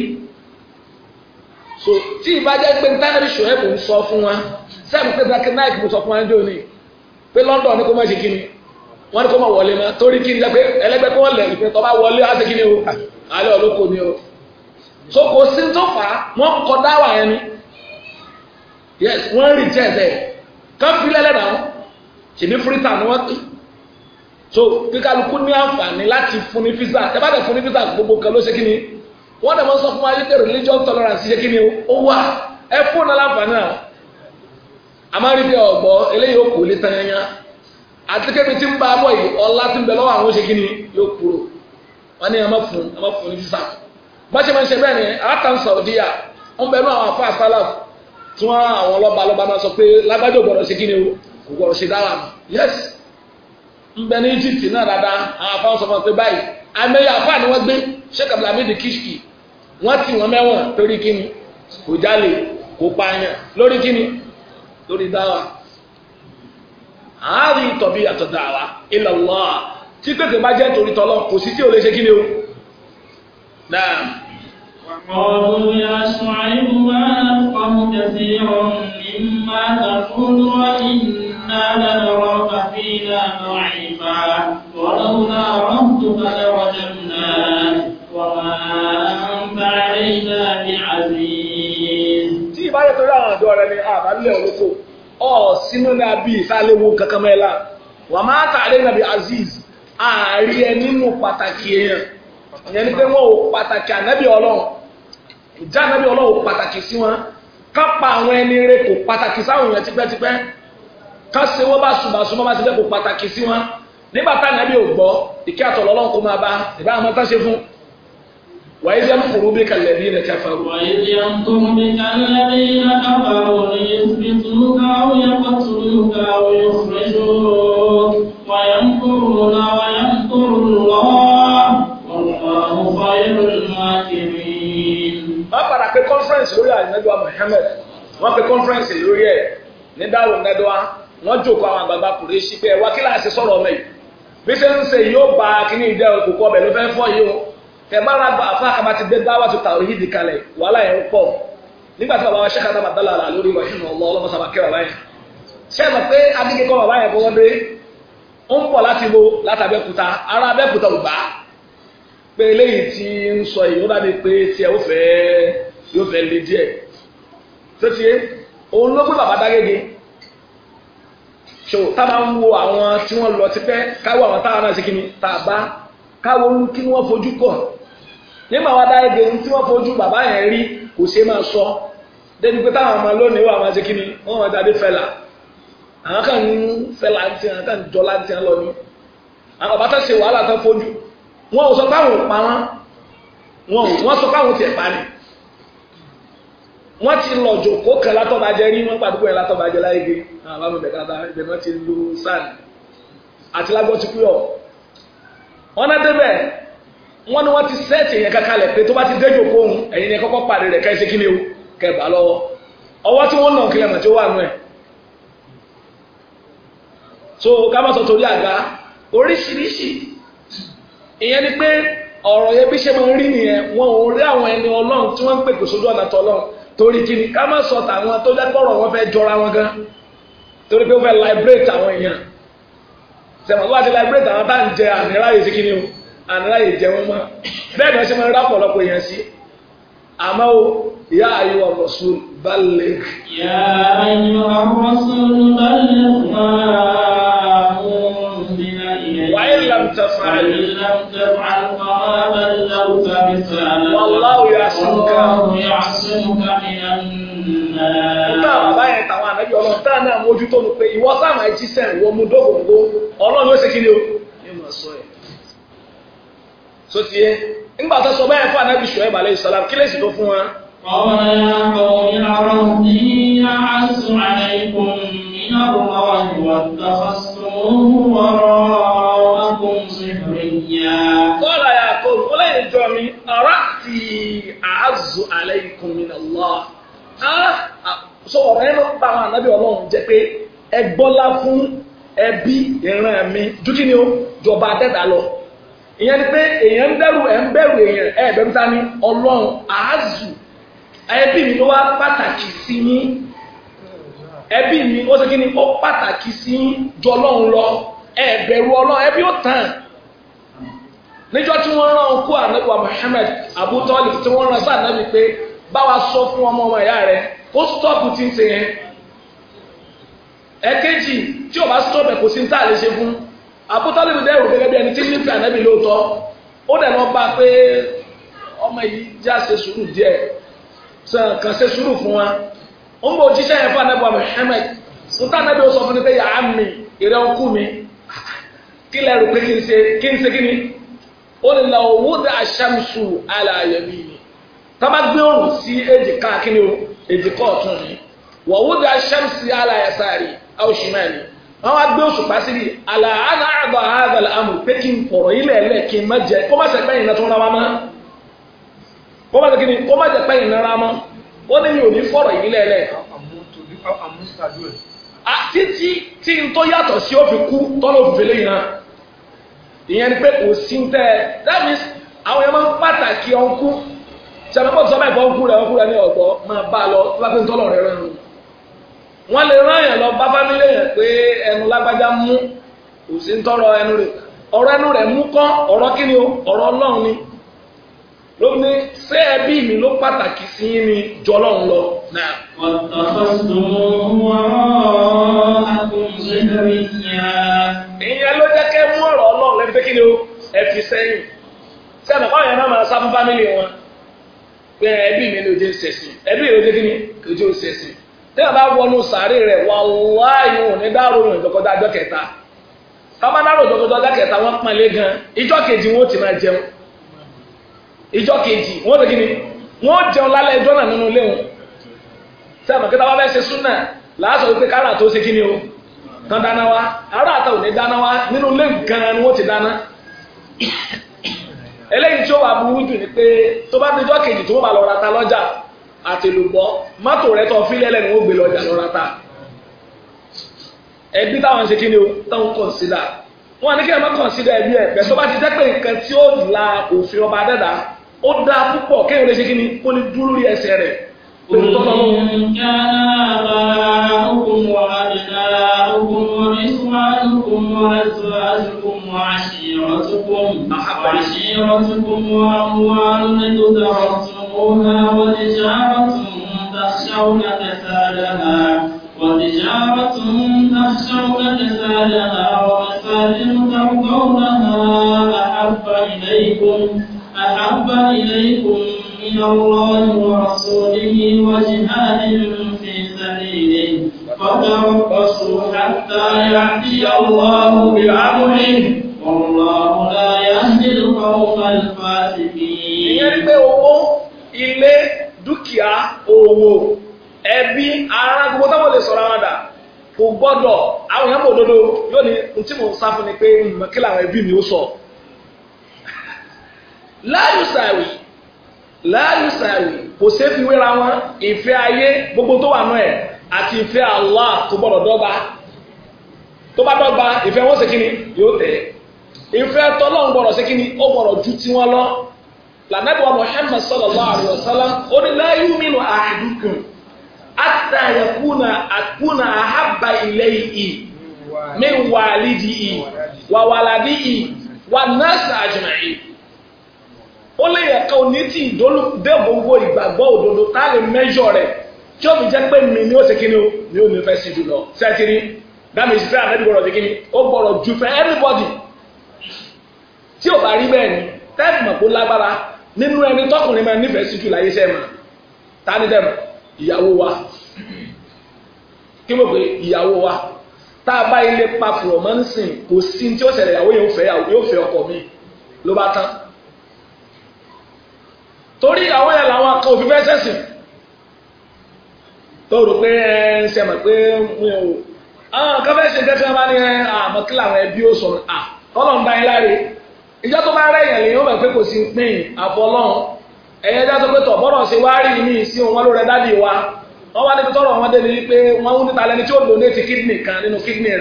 so tí ìbá jẹ́ pé táyọ̀rì ṣòwẹ́bù ń sọ fún wa sẹ́ẹ̀mù pé zaki náìkì mo sọ fún wa ń jò pé London ní kó má ṣe kí ni wọ́n ní kó má wọlé mọ́ torí kí ni jẹ́ pé ẹlẹ́gbẹ́ kó wọ́n lẹ̀ ní pé tó bá wọlé á ṣe kí ni o alẹ́ ọlọ́kọ ni o so kò sí tó fà wọ́n kọ dáwà yẹn ni yes wọ́n rí jẹ́ ẹ̀sẹ̀ kan fi lẹ́lẹ́ náà ṣèbí fúrítà ni wọ́n pè so kíkálukú ní àǹfààní láti fún ní físà ẹ bá dẹ̀ fún ní físà gbogbo kan ló ṣe kí ni wọ́n dẹ̀ mọ́ sọ fún wa yíké religion tolerance ṣe kí ni ó wà ẹ fún náà láǹfààní náà ọ̀gbọ́ eléyìí ó lé tanyanya àti kébi tí ń bá a bọ̀ yìí ọlá tí ń bẹ lọ́wọ́ àwọn ṣe kí ni yóò kúrò wọ́n ní ni àtàn kò gbọ́dọ̀ ṣe dára mọ́ yes nbẹ ní Egypt náà dáadáa àwọn afáwọn sọ fún mi pé báyìí amẹ́yẹ afáà ni wọ́n gbé Sheikh Abdulhamid Kishki wọ́n tì wọ́n mẹ́wọ̀n torí kíni kò jálè kò pààyàn lórí kíni lórí dára àárín tọ̀bí àtọ̀ dára ilẹ̀ wọ́n a tí pèsè bá jẹ́ torí tọ́lọ́ kò sí tí ò lè ṣe kíni o. náà. يا شعيب ما نفقه كثيرا مما تقول وإنا إنا لنراك فينا ضعيفا ولولا رهتك لرجمناك وما أنت علينا بعزيز tí ìbá yẹtọ̀ láwọn àdó ara ni àbá ọ sínú náà bí ìsàlẹ̀wò kankan mẹ́la wà má ta nàbí aziz ààrí ẹ nínú pàtàkì èèyàn ìyẹn ni pé wọn ò pàtàkì ànábì ọlọ́run ìjà ànábì ọlọ́run pàtàkì sí wọn kápá àwọn ẹni rẹ kò pàtàkì sáwọn èèyàn tipẹ́tipẹ́ ká ṣe wọ́n bá ṣùbàṣù bá ṣe fẹ́ kó pàtàkì sí wọn nígbà tá nàbí ò gbọ́ ìkẹ́ àtọ̀lọ́ ọlọ́run kó máa bá ìbá àwọn tán ṣe fún. wàá yẹ kó rúbí bí kalẹ̀ bí ilẹ̀ kẹfà wọ́n padà pé conference lórí àyìnbẹ́dọ́ Muhammad wọ́n pe conference lórí ẹ̀ ní dáhùn nẹ́dọ́á wọ́n jókòó àwọn àgbààgbà kùrẹ́ṣì pé ẹ̀wá kíláàsì sọ̀rọ̀ ọmọ yìí bí ṣe ń ṣe yóò ba kíní ìdẹ́ òkùnkù ọbẹ̀ fẹ́ fọ́ yìí o tẹ̀bára àfa àbá ti gbé dáwà tó tàwọn yìí di kalẹ̀ wàhálà yẹn ń pọ̀ nígbà tí bàbá wa dálà lórí ọlọ́ ọlọ́mọ sábà pé kọ́ bàbá yẹn kọ́ wọ́n dé ó ń pọ̀ láti bo ara so tábà ń wo àwọn tí wọ́n lọ tipẹ́ káwọ àwọn táwọn náà ṣe kí ni tàbá káwọ ohun kí wọ́n fojú kọ̀ nígbà wọn dá ẹgbẹ́ ohun tí wọ́n fojú bàbá yẹn rí kò ṣe máa sọ débi pé táwọn ọmọ lónìí wà máa ṣe kí ni wọ́n máa dáadé fẹ́lá àwọn kan ń fẹ́lá tí àwọn kan ń jọlá tí wọ́n lọ ní àwọn bàtà ṣe wàhálà tán fojú wọn ò sọ táwọn ò pa wọn wọn ò sọ táwọn ò tiẹ̀ pa ni. wọ́n ti lọ jòkó kan jẹ́ rí wọ́n pàdúgbò yẹn látọ̀bàjẹ́ láyé gbé àwọn bàbá bẹ̀rẹ̀ kàtà ibẹ̀ wọ́n ti lu sáàlì àti lágbọ́n ti kúyọ̀ wọ́n náà débẹ̀ wọ́n ni wọ́n ti sẹ́ẹ̀tì yẹn pé tó bá ti dé jòkó òun ẹ̀yin kọ́kọ́ rẹ̀ kí ni o kẹbà lọ́wọ́ ọwọ́ tí wọ́n kílẹ̀ mọ̀ tí ó wà nù ẹ̀ so torí àga oríṣiríṣi ìyẹn ni pé ọ̀rọ̀ yẹn ń rí tí torí kí ni ká má sọ tàwọn tó dẹ́kọ̀rọ̀ wọn fẹ́ jọra wọn gan torí pé ó fẹ́ liberate àwọn èèyàn sẹ̀mọ̀ tó bá ti liberate àwọn tá ń jẹ àníráyè sí kí ni o àníráyè jẹ wọn mọ́ bẹ́ẹ̀ ni wọ́n ṣe máa ń rápọ̀lọpọ̀ èèyàn sí àmọ́ o ìyá ayé wa rasul balẹ̀. ìyá ayé wa rasul balẹ̀ fún ara wọn. وإن لم تفعل لم تفعل فغابا لو تمثالا والله يعصمك يعصمك من الناس o yóò máa sọ ẹ̀. wa. هو وراءكم ظهريا قال يا قوم ولا يجوني عليكم من الله ها so ọ̀rọ̀ yẹn ló ń bá àwọn ànábì ọlọ́run jẹ́ pé ẹ gbọ́lá fún ẹbí ìran mi ju kí ni ó jọba adẹ́dà lọ ìyẹn ni pé èèyàn ń bẹ̀rù ẹ̀ ń bẹ̀rù èèyàn ẹ̀ bẹ̀rù ta ni ọlọ́run àázù ẹbí mi ló wá pàtàkì sí yín ẹbí mi ó ṣe kí ni ó pàtàkì sí ju ọlọ́run lọ ẹ̀bẹ̀rù ọlọ́run ẹbí ó tàn níjọ́ tí wọ́n rán okú ànábì wa Muhammad Abu Talib tí wọ́n rán sáà náà wípé bá wa sọ fún ọmọ ọmọ ìyá rẹ ó stọ́ọ̀pù tí ń ṣe yẹn ẹ̀kejì tí ò bá stọ́ọ̀pù ẹ̀ kò sí ń tà lè ṣe fún Abu Talib dẹ́rù gẹ́gẹ́ bí ẹni tí nífẹ̀ẹ́ ànábì lóòótọ́ ó dẹ̀ lọ bá pé ọmọ yìí já ṣe sùúrù díẹ̀ sàn kàn ṣe sùúrù fún wa ń bọ̀ jíṣẹ́ yẹn fún anábọ̀ Muhammad sultan anábì ó sọ fún mi pé yà á mi ìrẹ́ ọkú mi kí lẹ́ rò pé kí n ṣe kí n ṣe kí ni ó ní la owó dá aṣámsù aláyẹ̀mí ni tábà gbé òrùn sí èjìká kí ni o èjìká ọ̀tún ni wọ́n owó dá aṣámsì aláyẹ̀sáàrí àwòṣìmáàlì wọ́n wá gbé òṣùpá sí i àlàáhánà àgbà àgbàlá àmù pé kí n fọ̀rọ̀ ilẹ̀ ẹ̀lẹ́ kí n má jẹ kó má ṣe pẹ́yìn náà tó ń ra wá mọ́ kó má ṣe pẹ́yìn náà rá mọ́ ó ní mi ò ní fọ̀rọ̀ yìí lẹ́lẹ̀. títí tí n tó yàtọ̀ sí ó kú tọ́lá òfìfẹ́ lẹ́yìn náà ìyẹn ni pé kò sí ń tẹ́ ẹ that means àwọn yẹn máa ń pàtàkì ọ̀nkú sàmẹ́fọ́ sọ́mẹ́ ìfọ́ ọ̀nkú rẹ̀ ọ̀nkú rẹ̀ ní ọ̀gbọ́ máa bá a lọ tó ń tọ́lọ̀ rẹ̀ rẹ̀ nù. wọ́n lè rán yẹn lọ bá fámílì yẹn pé ẹnu lágbájá mú kò sí ń tọ́rọ ẹnu rẹ̀ ọ̀rọ̀ ẹnu rẹ̀ mú kán ọ̀rọ̀ kíni o ọ̀rọ̀ ọlọ́run ni ló ní ṣé ẹbí mi ló pàtàkì sí yín ni jọlọ lọ. ìyẹn ló jẹ́ kẹ́ mú ọ̀rọ̀ ọlọ́run lẹ́nu pé kí ni ẹ fi sẹ́yìn sẹ́nu yẹn náà máa sá fún fámìlì wọn pé mi ló jẹ́ ṣẹ̀sìn ẹbí mi ló jẹ́ kí ni ló jẹ́ rẹ̀ ní kẹta kẹta wọ́n gan ìjọ́ kejì ìjọ kejì wọ́n ti kíni wọ́n jẹun lálẹ́ ẹjọ́ náà nínú ilé wọn sẹ́wọ̀n kí táwa fẹ́ ṣe súnà làásọ̀ wípé kára tó ṣe kíni o kan dáná wa ará àtà ò ní dáná wa nínú ilé gan-an ni wọ́n ti dáná eléyìí tí ó wà burú jù ni pé tó bá dijọ́ kejì tó bá lọ rata lọ́jà àtẹlùbọ́ mọ́tò rẹ tó fi lẹ́lẹ́ ni wọ́n gbé lọ́jà lọ rata ẹbí táwọn ṣe kíni o táwọn kọ̀ǹsídà wọn ní kí ẹ má kọ̀ǹsídà ẹbí ẹ bẹ̀ tó bá ti jẹ́ pé nǹkan tí ó la òfin ọba dẹ́dàá ó dáa púpọ̀ kéèyàn lè ṣe kí ni kó lè dúró lórí ẹsẹ̀ rẹ̀ pẹ̀lú tọ́lọ́ عشيرتكم وأموال تدرسونها وتجارة تخشون كسادها وتجارة تخشون كسادها ومساجد ترضونها أحب إليكم أحب إليكم من الله ورسوله وجهاد في سبيله فتربصوا حتى يأتي الله بأمره والله لا يهدي القوم الفاسقين. ilé dúkìá owó ẹbí ara gbogbo táwọn lè àwọn àdá kò àwọn òdodo yóò ní ntí sá fún ni pé ẹbí mi sọ. láyùsàwì láyùsàwì kò séfi wéra wọn ìfẹ́ ayé gbogbo tó wà nù ẹ̀ àti ìfẹ́ Allah tó gbọ́dọ̀ dọ́gba tó bá dọ́gba ìfẹ́ wọn ṣe kíni yóò tẹ̀ ìfẹ́ tọ́lọ́run gbọ́dọ̀ ṣe kíni ó gbọ́dọ̀ ju tiwọn lọ lànàbíwá Muhammad sallallahu alayhi wa sallam ó ní la yuminu ahadukum hatta yakuna akuna ahabba ilayhi min walidihi wa waladihi wa nasa ajma'in ó lè yẹ ká oní tí ìdólùdẹ́gbogbo ìgbàgbọ́ òdodo tá a lè mẹ́jọ rẹ̀ tí ó fi jẹ́ pé mi ni ó ṣe kíni o ni ó ní fẹ́ sí jùlọ sẹ́tìrì dáàmì ìṣiṣẹ́ àbẹ́bí gbọ́dọ̀ ṣe kíni ó gbọ́dọ̀ ju fẹ́ everybody tí ò bá rí bẹ́ẹ̀ ni tẹ́ẹ̀mù mọ̀ kó lágbára nínú ẹni tọkùnrin máa nífẹ̀ẹ́ sí jù láyé sẹ́ẹ̀ mà tá ní dẹ́mu ìyàwó wa kí ló pé ìyàwó wa tá a bá ilé pa fùrọ̀ mọ́ ń sìn kò sí tí ó ṣẹlẹ̀ ìyàwó yẹn yóò fẹ́ ọkọ torí àwọn yẹn làwọn akọ òfin fẹ́ sẹ́sìn tó rò pé ẹ ń sẹ́mọ̀ pé mi ò àwọn kan si ṣe kẹ́kẹ́ bá ní àmọ́ kí làwọn ẹbí ó sọ à tọ́lọ̀ bá yín láre ìjọ tó bá rẹ̀ yẹn lè pé kò sí pín àfọlọ́hún ẹ̀yẹ ẹjọ́ tó pé tọ̀ bọ́rọ̀ sí wá rí mi sí ló rẹ dádì wa wọ́n wá níbi tọ́rọ̀ wọn débi wípé wọ́n ń níta lẹni tí ó kidney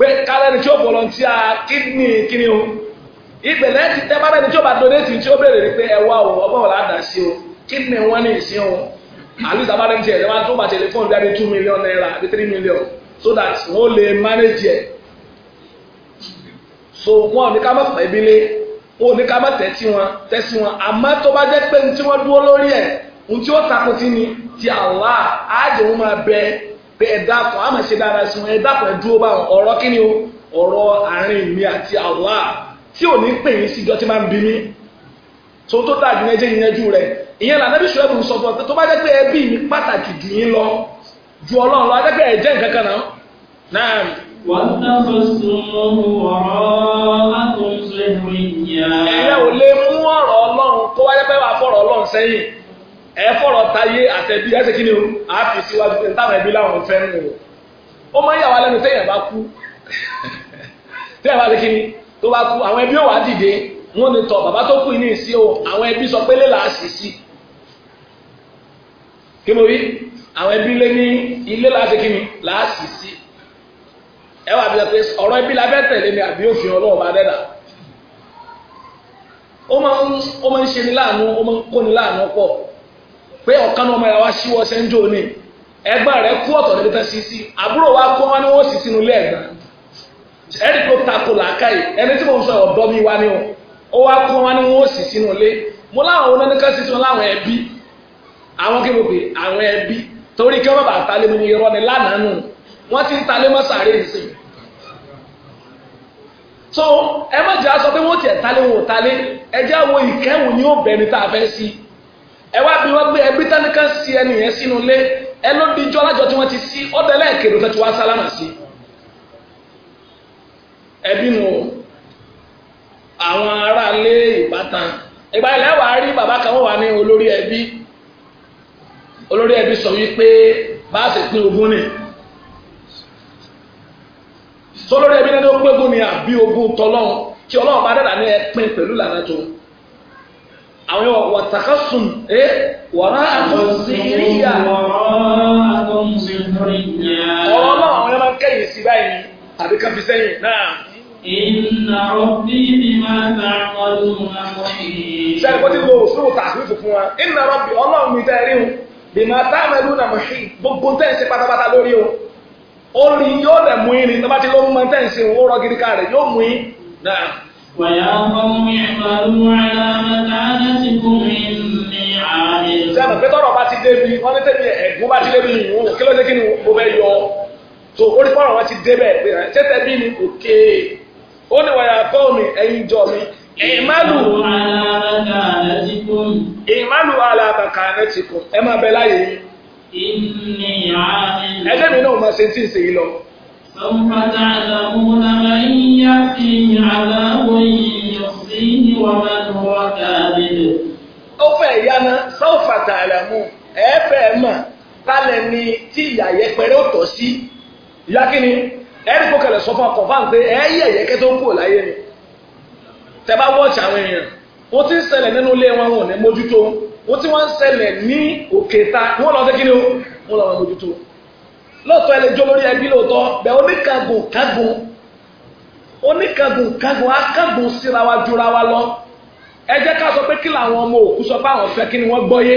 pé kálẹ́ni tí ó volunteer kidney kíni o ìgbẹ̀lẹ́ ti tẹ́ bárẹ́ni tí ó bá donate tí ó béèrè rí pé ẹ wá o ọgbọ́n ọ̀la àdá sí o kidney wọn ní ìsín o àlùsà bárẹ́ni tí ẹ̀ wá tó bá tẹlifóònù bí i two million naira àbí three million so that wọ́n lè manage ẹ̀ so wọn ò ní ká má fà ibi lé wọn ò ní ká má tẹ́tí wọn tẹ́sí wọn àmọ́ tó bá jẹ́ pé ní tí wọ́n dúró lórí ẹ̀ ní tí ó takò ni ti Allah àjẹ̀wọ́n máa bẹ pé ẹ dákun àmọ̀ ṣe dára sí wọn ẹ dákun ẹ dúró báwọn ọ̀rọ̀ kí ni o ọ̀rọ̀ àárín mi àti Allah tí ò ní pè yín síjọ tí máa ń bí mi tó tó tà jù rẹ̀ ìyẹn là pàtàkì jù lọ ju ọlọ́run lọ pé ẹ nǹkan kan náà náà. ò ọ̀rọ̀ wáyé wàá ẹ fọ̀rọ̀ tayé àtẹ̀bí ẹ ṣe kí ni o àáfi síwájú pé táwọn ẹbí láwọn fẹ́ nù o ó máa ń yà wá lẹ́nu téèyàn bá kú téèyàn bá ṣe kí ni tó bá kú àwọn ẹbí ò wá dìde wọn ni tọ bàbá tó kú ní ìsí o àwọn ẹbí sọ pé lélàá sì sí kí mo rí àwọn ẹbí lé ní ilé láti kí ni làá sì sí ẹ wà bíi pé ọ̀rọ̀ ẹbí la fẹ́ tẹ̀lé ni àbí òfin ọlọ́ọ̀bá dẹ́dà ó máa ń ṣe ni láàánú ó máa ń kó ni láàánú pọ̀ pé ọ̀kan náà ọmọ ìyá wa sẹ́ńjọ́ ni ẹgbà rẹ̀ kú ọ̀tọ̀ níbi tán sí sí àbúrò wa kú wọn ni wọ́n sì sínú ilé ẹ̀gbọ́n ẹni tó takò làákàyè ẹni tí mo sọ ọ̀dọ́ mi wá ní o ó wá kú wọn ni wọ́n sì sínú ilé mo láwọn oníníkà sí sí wọn láwọn ẹbí àwọn kí mo pè àwọn ẹbí torí kí wọ́n bá talé mi irọ́ ni lánàá wọ́n ti ń talé mọ́ sàárè ìsìn so ẹ má jẹ́ àsọ pé wọ́n tiẹ̀ talé wọn ò talé ẹ jẹ́ àwọn ìkẹ́wò ni ó bẹ̀rẹ̀ tá a fẹ́ sí ẹ wá bí wọ́n gbé ẹbí tánikà sí ẹni yẹn sínú ilé ẹ ló di ijó alájọ tí wọ́n ti sí ọ̀dọ̀ ẹlẹ́ẹ̀kejì tó ti wá sálámà sí. ẹbí nu àwọn aráalé ìbátan ìgbà ilẹ̀ wàá rí bàbá kan wọ́n wà ní olórí ẹbí olórí ẹbí sọ wípé bá a ṣe pín ogún ni sólórí ẹbí náà ló pé ogún ni àbí ogún tọlọ́hún tí ọlọ́run bá dàda ní ẹ pín pẹ̀lú lànà tó àwọn yóò wà takasun ẹ eh, wàrà àtọ̀nsìnìyà ọ̀rọ̀ náà àwọn yóò máa ń kẹ́yìn sí báyìí àbí kan fi sẹ́yìn náà. Inna rabbi bima ta'maluna muhit. Ṣé ẹ̀kọ́ tí mo fún òtà àfihàn fún wa? Inna rabbi ọlọ́run mi tẹ́ rí o. Bima ta'maluna muhit. Gbogbo tẹ́ ẹ̀ ṣe pátápátá lórí o. Orin yóò lẹ̀ mú irin tó bá ti ló ń mọ tẹ́ ẹ̀ ṣe òun ó rọ gidi ká rẹ̀ yóò mú in. Náà. ويا قوم اعملوا على مكانتكم إني عامل. sẹ́nu pé tọ́rọ̀ bá ti débi wọ́n ní tẹ́bi ẹ̀gún bá ti débi nìyó kí ló dé kí ni mo bẹ́ yọ so ó ní fọ́rọ̀ wọn ti débẹ̀ pé tẹ́tẹ́ bí ni òkè ó ní wàyà kọ́ọ̀mì ẹ̀yin jọ mi ìmálù ìmálù alábàkànẹ́tìkùn ẹ máa bẹ láyé yìí. ìnìyàn. ẹgbẹ́ mi náà máa ṣe tí ì سوف تعلمون من يأتيه عذاب يخزيه ومن هو كاذب ó fẹ́ yáná sọ́ọ̀fà tààlàmù ẹ̀ẹ́fẹ́ mà kálẹ̀ ni tí ìyà yẹpẹrẹ ó tọ́ sí ìyá kínní ẹ̀rí kó kẹlẹ̀ sọ fún ọkọ̀ fáwọn pé ẹ̀ẹ́yẹ̀ yẹkẹ́ tó ń kú láyé ni tẹ bá àwọn èèyàn wọ́n ti ń ṣẹlẹ̀ nínú ilé wọn wọn ní mójútó wọ́n ti wọ́n ń ṣẹlẹ̀ ní òkèta wọ́n lọ sí kínní o lọ mójútó lóòótọ́ ẹ lè jó lórí ẹbí lóòótọ́ bẹ́ẹ̀ oníkàgùn kàgùn oníkàgùn kàgùn akàgùn síra wa jura wa lọ ẹ jẹ́ ká sọ pé kí làwọn ọmọ òkú sọ pé àwọn fẹ́ kí ni wọ́n gbọ́yé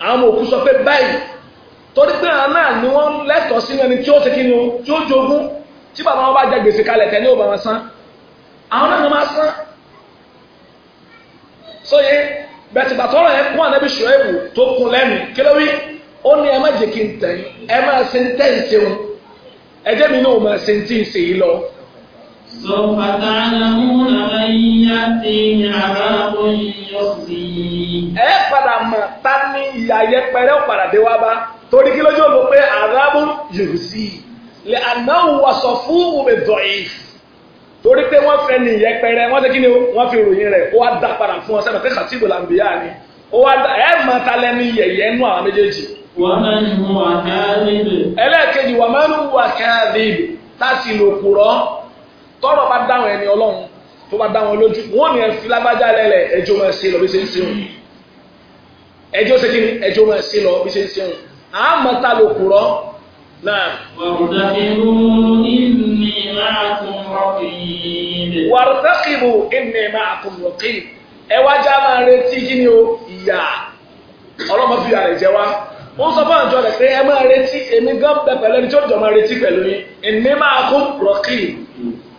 àwọn ọmọ òkú sọ pé báyìí torí pé àwọn náà ni wọ́n lẹ́tọ̀ọ́ sínú ẹni tí ó ṣe kí ni o tí ó jogún tí bàbá wọn bá jẹ gbèsè kalẹ̀ tẹ̀ ní òbá wọn san àwọn náà máa san sóye bẹ̀tìgbà tọ́rọ̀ yẹn kún ànábì Ṣuaibu tó kún lẹ́nu kí ló wí ó ní ẹ má jẹ́ kí n tẹ̀ ẹ máa ṣe ń tẹ̀ ń ṣeun ẹ jẹ́ mi náà máa ṣe ń tí ń ṣe yìí lọ. سوف تعلمون من يأتيه عذاب يخزيه ẹ padà mọ̀ ta ni ìyà yẹpẹrẹ ó padà dé wá bá torí kí lójú òun pé àràbù yòòsì lè ànáwó aṣọ fún omi dọ̀yì torí pé wọ́n fẹ́ ní ìyẹpẹrẹ wọ́n ti kí ni wọ́n fi ròyìn rẹ̀ ó wá dá padà fún ọ sẹ́nu pé kàtíbù làǹbíyá ni ó wá dá ẹ̀ mọ̀ ta lẹ́nu yẹ̀yẹ́ nú àwọn méjèèjì ẹlẹ́ẹ̀kejì wà máa ń wà káàdìb láti lò kúrọ́ tọ́rọ̀ bá dáhùn ẹni ọlọ́run tó bá dáhùn lójú wọ́n ní ẹ̀fí lágbájá lẹ́lẹ̀ ẹjọ́ máa ṣe lọ bí ṣe ń ṣe wọn ẹjọ́ ṣe kí ni ẹjọ́ máa ṣe lọ bí ṣe ń ṣe wọn àmọ́ ta lò kúrọ́ náà. wàrúdàkìbù ìnì máa kún rọ̀kìn. wàrúdàkìbù ìnì máa kún rọ̀kìn. ẹ wá já máa retí kí ni o ìyà ọlọ́mọ fi àrẹ̀ jẹ wá ó sọ fún àjọ rẹ̀ pé ẹ máa retí èmi gan bẹ pẹ̀lú ẹni tí ó jọ máa retí pẹ̀lú yín èmi máa kó rọ̀kì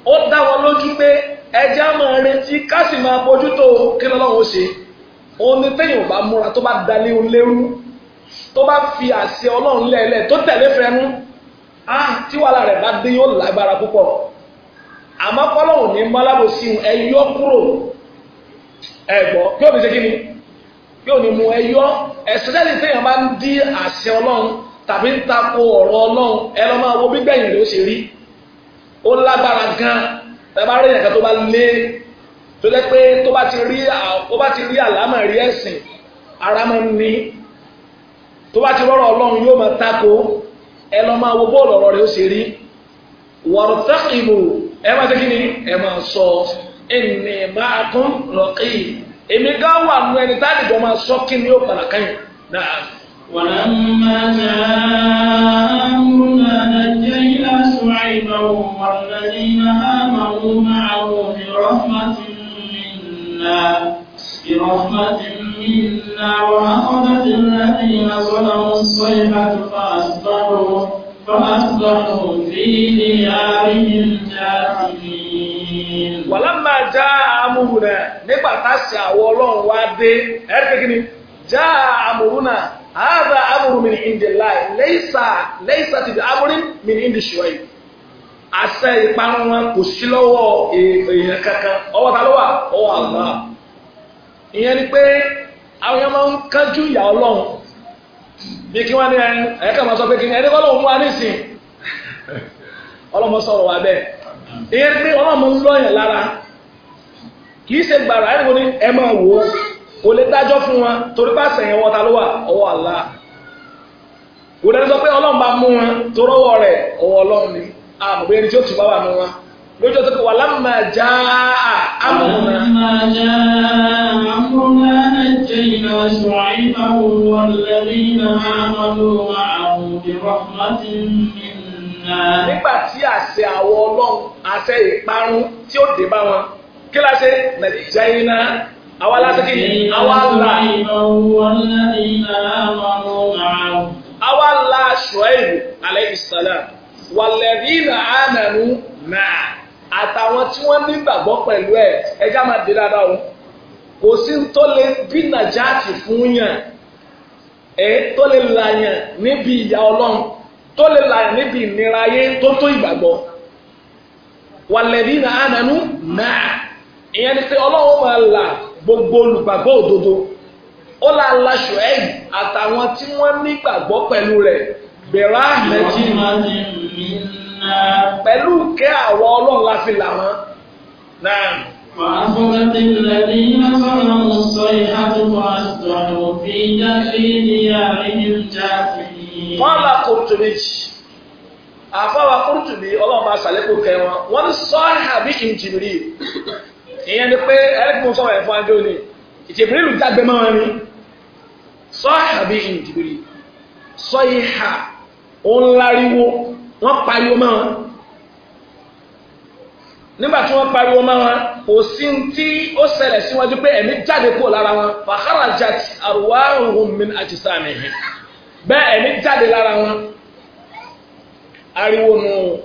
ó dá wọn lójú pé ẹja máa retí ká sì máa bójútó kí lọ́lọ́run ṣe òun ni téèyàn bá múra tó bá dalé lérú tó bá fi àṣẹ ọlọ́run lẹ́ẹ̀lẹ́ tó tẹ̀lé fẹnu ah tí wàhálà rẹ̀ bá dé yóò lágbára púpọ̀ àmọ́ kọ́lọ́hùn ní mọ́lábòsí ẹ̀yọ́ kúrò ẹ̀gbọ́n kí òbí ṣe kí ni yóò ní mu ẹyọ ẹ̀sìn jáde téèyàn bá ń dí àṣẹ ọlọ́run tàbí ń tako ọ̀rọ̀ ọlọ́run ẹ lọ́ máa wo gbígbẹ̀yìn ló ṣe rí ó lágbára gan ẹ bá rí ẹ̀ka tó bá lé tó jẹ́ pé tó bá ti rí ó bá ti rí àlámà rí ẹ̀sìn ara máa ń ní tó bá ti rọrọ̀ ọlọ́run yóò máa tako ẹ lọ́ máa wo bọ́ọ̀lù ọ̀rọ̀ rẹ̀ ó ṣe rí wọ̀rọ̀tẹ́kìbù ẹ máa ṣe kí ni ẹ máa sọ ẹnì máa kún rọ̀kì èmi gá wà nù ẹni tá a lè jọ máa sọ kí ni ó padà kẹ́yìn náà. ولما جاء أمرنا نجينا شعيبا والذين آمنوا معه برحمة منا برحمة منا وأخذت الذين ظلموا الصيحة فأصبحوا فأصبحوا في ديارهم جاثمين wala já amúhùnà nígbà tá a ṣe àwọ ọlọ́run wá dé ẹ̀ẹ́dẹ́gbẹ́ Ha já amúhùnà ààbà amúhùn mi ní lẹ́yìísà lẹ́yìísà ti di amúhùn mi ní indi ṣùwẹ̀ yìí àṣẹ ìparun kò sí lọ́wọ́ èèyàn kankan ọwọ́ ta ló wà ọwọ́ àgbà ìyẹn ni pé àwọn yẹn máa ń kánjú ìyà ọlọ́run bí kí wọ́n ní ẹ̀ẹ́kà máa sọ pé kí ẹni wa bẹ́ẹ̀. ìyẹn pé ọlọ́mọ lára kì í ṣe gbàrà ẹ̀rọ ní ẹmọ máa kò lè dájọ́ fún wọn torí bá sẹ̀yìn wọn ta ló wà ọwọ́ àlá kò dẹ́ni sọ pé ọlọ́run mú wọn tó rẹ̀ ọwọ́ ọlọ́run ni ẹni tí ó bá wà wọn lójú pé wà lámà àṣẹ ìparun tí ó dé bá wọn kí la ṣe nàìjíríà jẹ́ iná àwa lásìkò yìí àwa là àwa là ṣùẹ́yìn alayhi salam wàlẹ́rìnà ànànú náà àtàwọn tí wọ́n nígbàgbọ́ pẹ̀lú ẹ̀ ẹja máa dé dáadáa o kò sí tó lè bí nàjáàtì fún yàn ẹ tó lè làyàn níbi ìyà ọlọ́run tó lè làyàn níbi ìnira ayé tó tó ìgbàgbọ́ wàlẹ́dí na ànánú náà ìyẹn ni pé ọlọ́run máa là gbogbo olùgbàgbọ́ òdodo ó là la ṣùẹ́yìn àtàwọn tí wọ́n nígbàgbọ́ pẹ̀lú rẹ̀ bẹ̀rẹ̀ àmẹ́tì pẹ̀lú kẹ́ àwọn ọlọ́run la là wọ́n náà. وعصبت الذين ظلموا الصيحة فأصبحوا في جحيم ديارهم جاثمين. قال قرطبي àfáwà kúrútùbí ọlọ́run bá ṣàlékò kẹ wọn wọ́n ní sọ́ọ̀hà bí kì í jìbìrì ìyẹn ni pé ẹlẹ́kùn sọ̀rọ̀ ẹ̀fọn adé òní ìjìbìrì lù dàgbé mọ́ wọn ni sọ́ọ̀hà bí kì í jìbìrì sọ́ìhà òun láriwo wọ́n pariwo mọ́ wọn nígbà tí wọ́n pariwo mọ́ wọn kò sí tí ó ṣẹlẹ̀ síwájú pé ẹ̀mí jáde kúrò lára wọn fàkàrà jàti àrùwá òhun mi àti sáàmì bẹ́ẹ̀ ẹ̀mí jáde lára wọn ariwo nu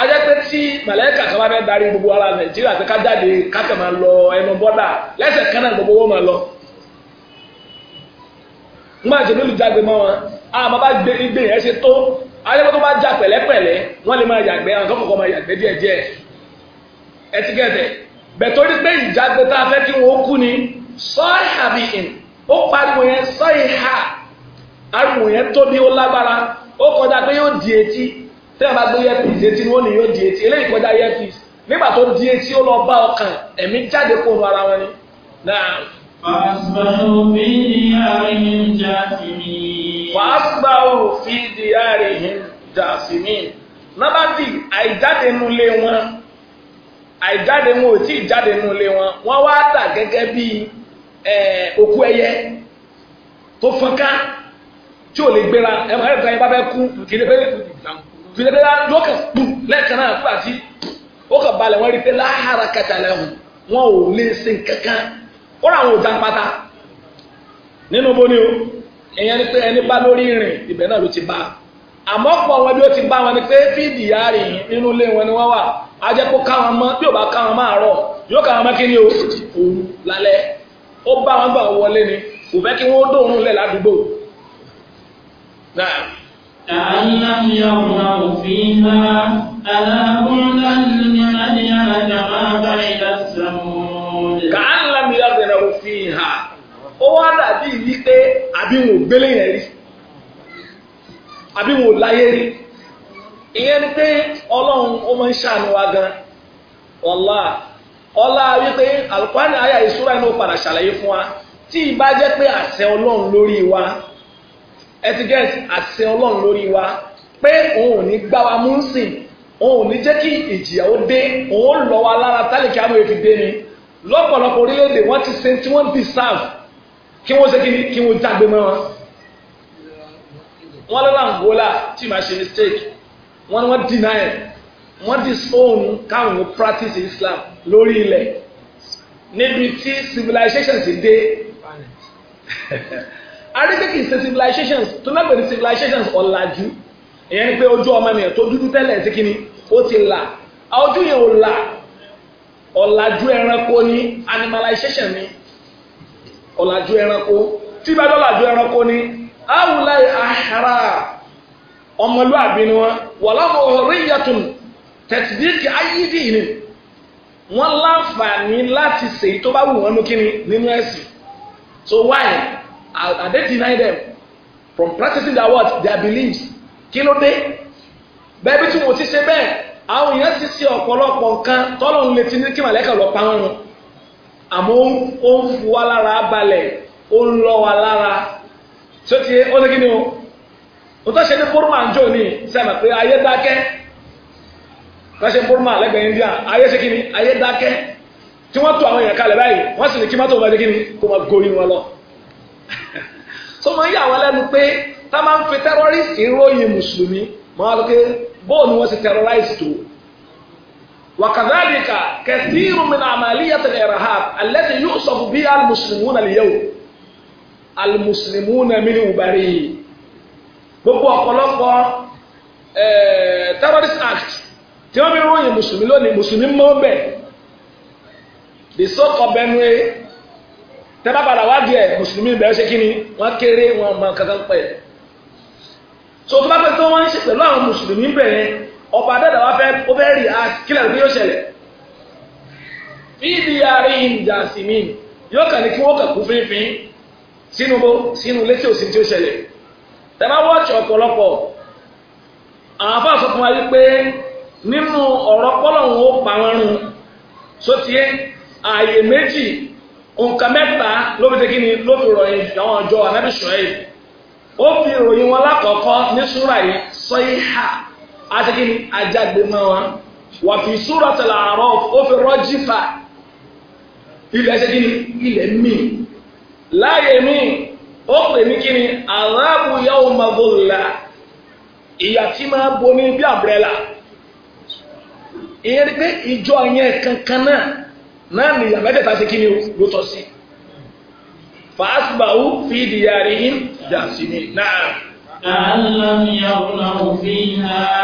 ajẹ́pẹ́ tí màlẹ́kà kan bá fẹ́ darí gbogbo ara nàìjíríà pé ká jáde káka máa lọ ẹnu bọ́dà lẹ́sẹ̀ kan náà gbogbo wọn máa lọ. nígbà tí olóòlù jágbe mọ́ wọn àmọ́ bá gbé igbe yẹn ṣe tó ajẹ́pẹ́ tó bá já pẹ̀lẹ́pẹ̀lẹ́ wọ́n lè máa yàgbẹ́ àwọn akọ́kọ́ máa yàgbẹ́ díẹ̀díẹ̀ ẹ ti gẹ̀ẹ́dẹ̀ pé ìjágbe tá a fẹ́ kí wọ́n kú ni sọ́ọ̀rì ó pariwo yẹn sọ́ọ̀rì ha ariwo yẹn tóbi ó lágbára ó kọjá pé yóò di etí tí wọn bá gbé earpiece etí ni wọn yóò di etí eléyìí kọjá earpiece nígbà tó di etí ó lọ bá ọkàn ẹ̀mí jáde kó ara wọn ni. فأصبحوا في ديارهم جاثمين فأصبحوا في àìjáde nu wọn àìjáde wọn ò tí ì jáde nu wọn wọn wá tà bíi òkú ẹyẹ tó tí ò lè gbéra ẹ máa ń gbà yín bá kú fìdíkẹ́ yóò kàn kú lẹ́ẹ̀kan náà fún àti ó kàn balẹ̀ wọ́n rí pé láhàrá ò lè ṣe kankan ó rà àwọn òjà pátá nínú bóni o ìyẹn ni pé ẹni bá lórí ìrìn ibẹ̀ náà ló ti bá àmọ́ pọ̀ wọn bí ó ti bá wọn ni pé fídì yáàrì nínú ilé wọn ni wọ́n wà á jẹ́ kó káwọn mọ́ bí ò bá káwọn máa rọ̀ yóò káwọn mọ́ kí ni o كأن لم يغنوا فيها ألا بعدا لمدين كما بعدت ثمود كأن لم يغنوا فيها ó wá dàbí wípé àbí wọn ò gbélé yẹn rí àbí wọn ò láyé rí ìyẹn ni pé ọlọ́run ó máa ń ṣàánú wa gan ọ̀la ọ̀la wípé àlùkò àná inú padà ṣàlàyé fún wa tí bá jẹ́ pé àṣẹ ọlọ́run lórí wa etiquette àṣẹ ọlọ́run lórí wa pé òun ò ní gbá wa mú sìn òun ò ní jẹ́ kí ìjìyà ó dé òun ó lọ wa lára tálíkì àwọn èfi dé ni lọ́pọ̀lọpọ̀ orílẹ̀-èdè wọ́n ti ṣe tí wọ́n deserve kí wọ́n ṣe kí wọ́n jágbe mọ́ wọn. wọ́n lọ́la Angola tí màá ṣe mistake wọ́n ni wọ́n deny wọ́n disown káwọn practice Islam lórí ilẹ̀ níbi tí civilization ti dé arígbèkì ṣe civilizations tó lẹ́gbẹ̀ẹ́ ní civilizations ọ̀làjú ìyẹn ni pé ojú ọmọ ènìyàn tó dúdú tẹ́lẹ̀ sí kíni ó ti là ojú yẹn ò là ọ̀làjú ẹranko ni animalization ni ọ̀làjú ẹranko tí bá dọ́làjú ẹranko ni àwùlá àhárà ọmọlúàbí ni wọn wàlámọ̀ ríyàtùn tẹ̀sídìkì ayídì ni wọ́n láǹfààní láti ṣèyí tó bá wù wọ́n nú kíni nínú ẹ̀sìn so why are, are they deny them from practicing their what their beliefs kí ló dé bẹ́ẹ̀ bí tí mo ti ṣe bẹ́ẹ̀ àwọn èèyàn ti ṣe ọ̀pọ̀lọpọ̀ nǹkan tọ́lọ́run lè ti ní kí màlẹ́kà lọ pa wọn àmọ́ ó ń fu wa lára balẹ̀ ó ń lọ wa lára tí ó ti ó ní kí ni o mo tọ́ ṣe ní fúrúmà ń jò ní sẹ́mi pé ayé dákẹ́ wọ́n ṣe fúrúmà lẹ́gbẹ̀ẹ́ India ayé ṣe kí ni ayé dákẹ́ tí wọ́n tó àwọn èèyàn kalẹ̀ báyìí wọ́n sì ní kí mọ́tò wọn lé kí ni kó máa gorí wọn lọ tó máa ń yà wá lẹ́nu pé tá máa ń fi terrorist ìròyìn mùsùlùmí máa lọ pé bóòlù wọn ti terrorize tó وكذلك كثير من عملية الإرهاب التي يؤصف بها المسلمون اليوم المسلمون منه بريء gbogbo ọ̀pọ̀lọpọ̀ terrorist act tí wọ́n fi ròyìn mùsùlùmí lónìí mùsùlùmí mọ́ bẹ̀ tẹ́lá padà wá díẹ̀ mùsùlùmí bẹ̀rẹ̀ ṣe kí ni wọ́n kéré wọn mọ kankan pẹ̀. so tó bá pẹ́ tó wọ́n ń ṣe pẹ̀lú àwọn mùsùlùmí bẹ̀rẹ̀ ọba dẹ́dà wá fẹ́ ó fẹ́ rí akílẹ̀ ah, ló yóò ṣẹlẹ̀. fídí àárí ìjà sí mi yóò kàn ní kí wọ́n kàn kú fínfín sínú bó sínú létí òsì tí ó ṣẹlẹ̀. tẹ́lá wọ́ọ̀ṣì ọ̀pọ̀lọpọ̀ àwọn afá sọ fún wa yí pé nínú ọ̀rọ̀ pọ́lọ̀ nǹkan mẹ́ta ló fi tẹ́kí ni ló fi ròyìn àwọn ọjọ́ ànábì ṣọ́ẹ́bù ó fi ròyìn wọn lákọ̀ọ́kọ́ ní súra yìí sọ́yìhà àtẹ́kí ni ajáde mọ́ wọn wà fi súra tẹ̀lé àárọ̀ ó fi rọ́jìfà ilẹ̀ ṣe kí ni ilẹ̀ míì láàyè míì ó pè ní kí ni aráàbù yàwó magola ìyà tí máa bo ní bí àbúrẹ́là ìyẹn ni pé ìjọ yẹn kankan náà náà ni àmẹ́tẹ̀ta ṣe kí ni ló tọ́ sí fàásùbàwù fi dìyàrí yín jàǹsì ni náà.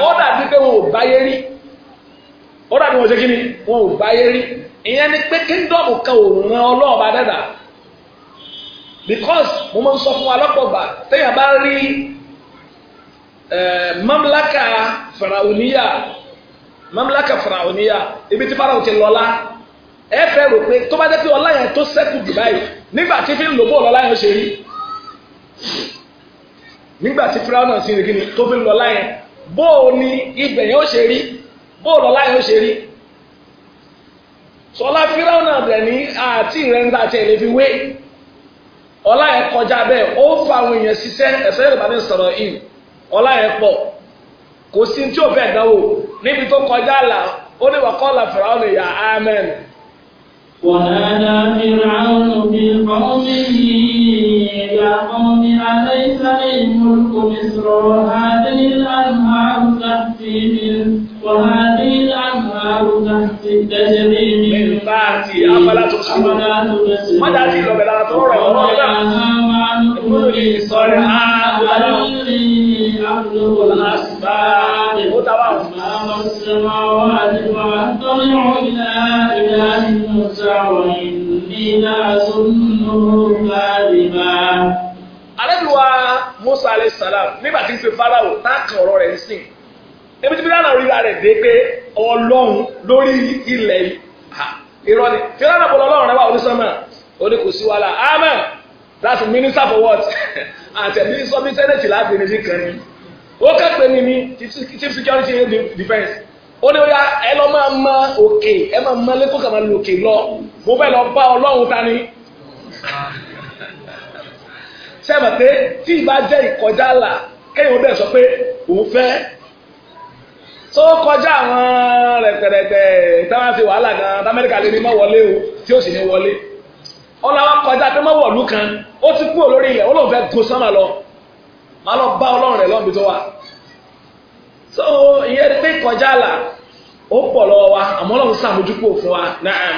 ó dàbí pé wọn ò báyé rí ó dàbí wọn ṣe kí ni wọn ò báyé rí ìyẹn ni pé kíndọ̀mù kan ò ran ọlọ́ọ̀bá dàda because mo máa ń sọ fún wa lọ́pọ̀ téèyàn bá rí mamlaka faraoniya mamlaka faraoniya ibi tí faraon ti lọ́lá. ẹ fẹ́ rò pé tó bá jẹ́ pé ọlá tó sẹ́kù jù báyìí nígbà tí fi ń lò bóòlù ọlá ṣe rí nígbà tí fúláwọ̀nà sí ní kíni tó fi ń lọ ọlá yẹn bóò ni ibẹ̀ yẹn ó ṣe rí ó ṣe rí sọlá fúláwọ̀nà rẹ̀ ní àti ìrẹ́ńdà àti ẹ̀lẹ́ fi wé ọlá kọjá bẹ́ẹ̀ ó fa àwọn èèyàn ṣiṣẹ́ ẹ̀sẹ̀ Yorùbá ní sọ̀rọ̀ yìí pọ̀ kò sí tí ò dánwò níbi tó ونادى فرعون في قومه يا قوم أليس لي ملك مصر وهذه الأنهار تحتي من وهذه الأنهار تحتي تجري من تحتي أفلا تبصرون ماذا تجري بلا ترى ولا أمامكم في أبلغ الأسباب خلق السماوات وأطلع إلى إله موسى وإني لأظنه كاذبا. Àlébìwá Musa alayhi salam nígbà tí ń pe Fáráò táàkì ọ̀rọ̀ rẹ̀ ń sìn. Ebi tí Fílànà ríra rẹ̀ dé pé Ọlọ́run lórí ilẹ̀ yìí. ni Fílànà bọ̀lọ̀ Ọlọ́run rẹ̀ wà onísọ́mọ̀ ó wàhálà. Amen. That's minister for what? Àtẹ̀mí sọ́bí sẹ́nẹ̀tì láti ní sí kan ni ó kẹ́pẹ́ ní mi chief security and defence ó ní ó yá ẹ lọ máa ma òkè ẹ máa ma lẹ́kọ̀ọ́ kà máa lo òkè lọ mo fẹ́ lọ bá ọlọ́run ta ni. sẹ́mi pé tí ìbá jẹ́ ìkọjá là kéèyàn bẹ́ẹ̀ sọ pé òun fẹ́ tó kọjá àwọn rẹ̀tẹ̀rẹ̀tẹ̀ táwọn fi wàhálà gan amẹ́ríkà lè ní má wọlé o tí ó sì ní wọlé ọlọ́wọ́ kọjá pé má wọ̀lú kan ó ti kú olórí ilẹ̀ ó lóun fẹ́ gun sánmà lọ máa lọ bá ọlọ́run rẹ̀ lọ́bi tó wà so ìyẹn ni pé kọjá là ó pọ̀ lọ́wọ́ wa àmọ́ ọlọ́run sàmójúpò fún wa náà.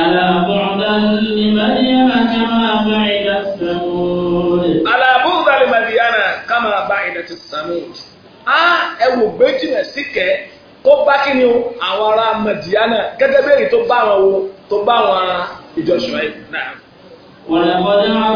ألا بعدا لمدين كما bá ثمود ألا بعدا لمدين كما بعدت ثمود kó bá kí ni àwọn ولقد أرسلنا